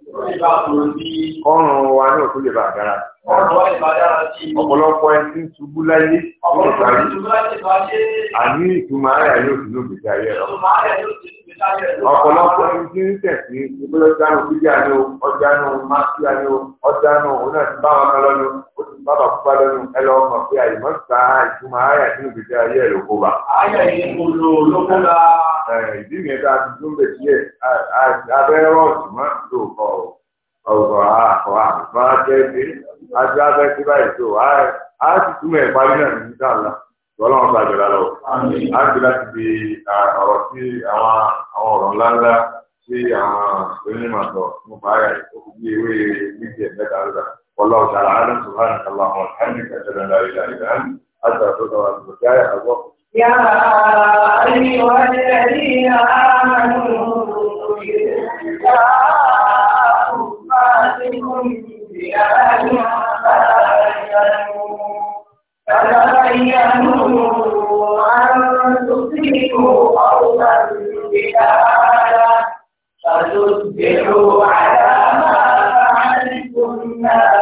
Ọrùn wa náà tó lè Ọrùn wa lè bá sí. Ọ̀pọ̀lọpọ̀ ẹni tí láyé. Ọ̀pọ̀lọpọ̀ ẹni tí láyé. Àní ìtumọ̀ ayé yóò ti lóògbé sí ayé rẹ̀. Ìtumọ̀ ayé yóò ti ọ̀pọ̀lọpọ̀ ẹni tí ń tẹ̀sí ìgbélé ọjánù bíjà ni o ọjánù máṣíà ni o ọjánù òun náà ti bá wọn lọ lọ́nu ó ti bá bàbá bá lọ́nu ẹ lọ́ọ́ mọ̀ pé àyùmọ̀ ta ìtumọ̀ ayà sínú gbèsè ayé ẹ̀ ló kó bá. ayà yìí kò lò lóko la. ìdí mi ta tuntun bẹ̀ díẹ̀ abẹ́rẹ́ ọ̀sùn mọ́ lóòkọ̀ ọ̀rọ̀ àkọ́ àbúrò ajẹ́ bí ajẹ́ abẹ́ ọlọ́run bá jọra lọ. a ti láti di ọ̀rọ̀ sí àwọn àwọn ọ̀rọ̀ ńláńlá sí àwọn onímọ̀ nípa ayà ìkókò bí ewé méjì ẹ̀mẹ́ta lọ́dà. ọlọ́run tààrà á lọ́sùn láti kàlọ́ àwọn ọ̀tẹ́ni kẹsàn-án náà ìlà ìlà àti àtúntò àtúntò tí ayà àgbọ̀. يا أيها الذين آمنوا إذا جاءكم فاسق بأنباء فتبينوا أن تصيبوا قوما بجهالة فتصبحوا على ما فعلتم نادمين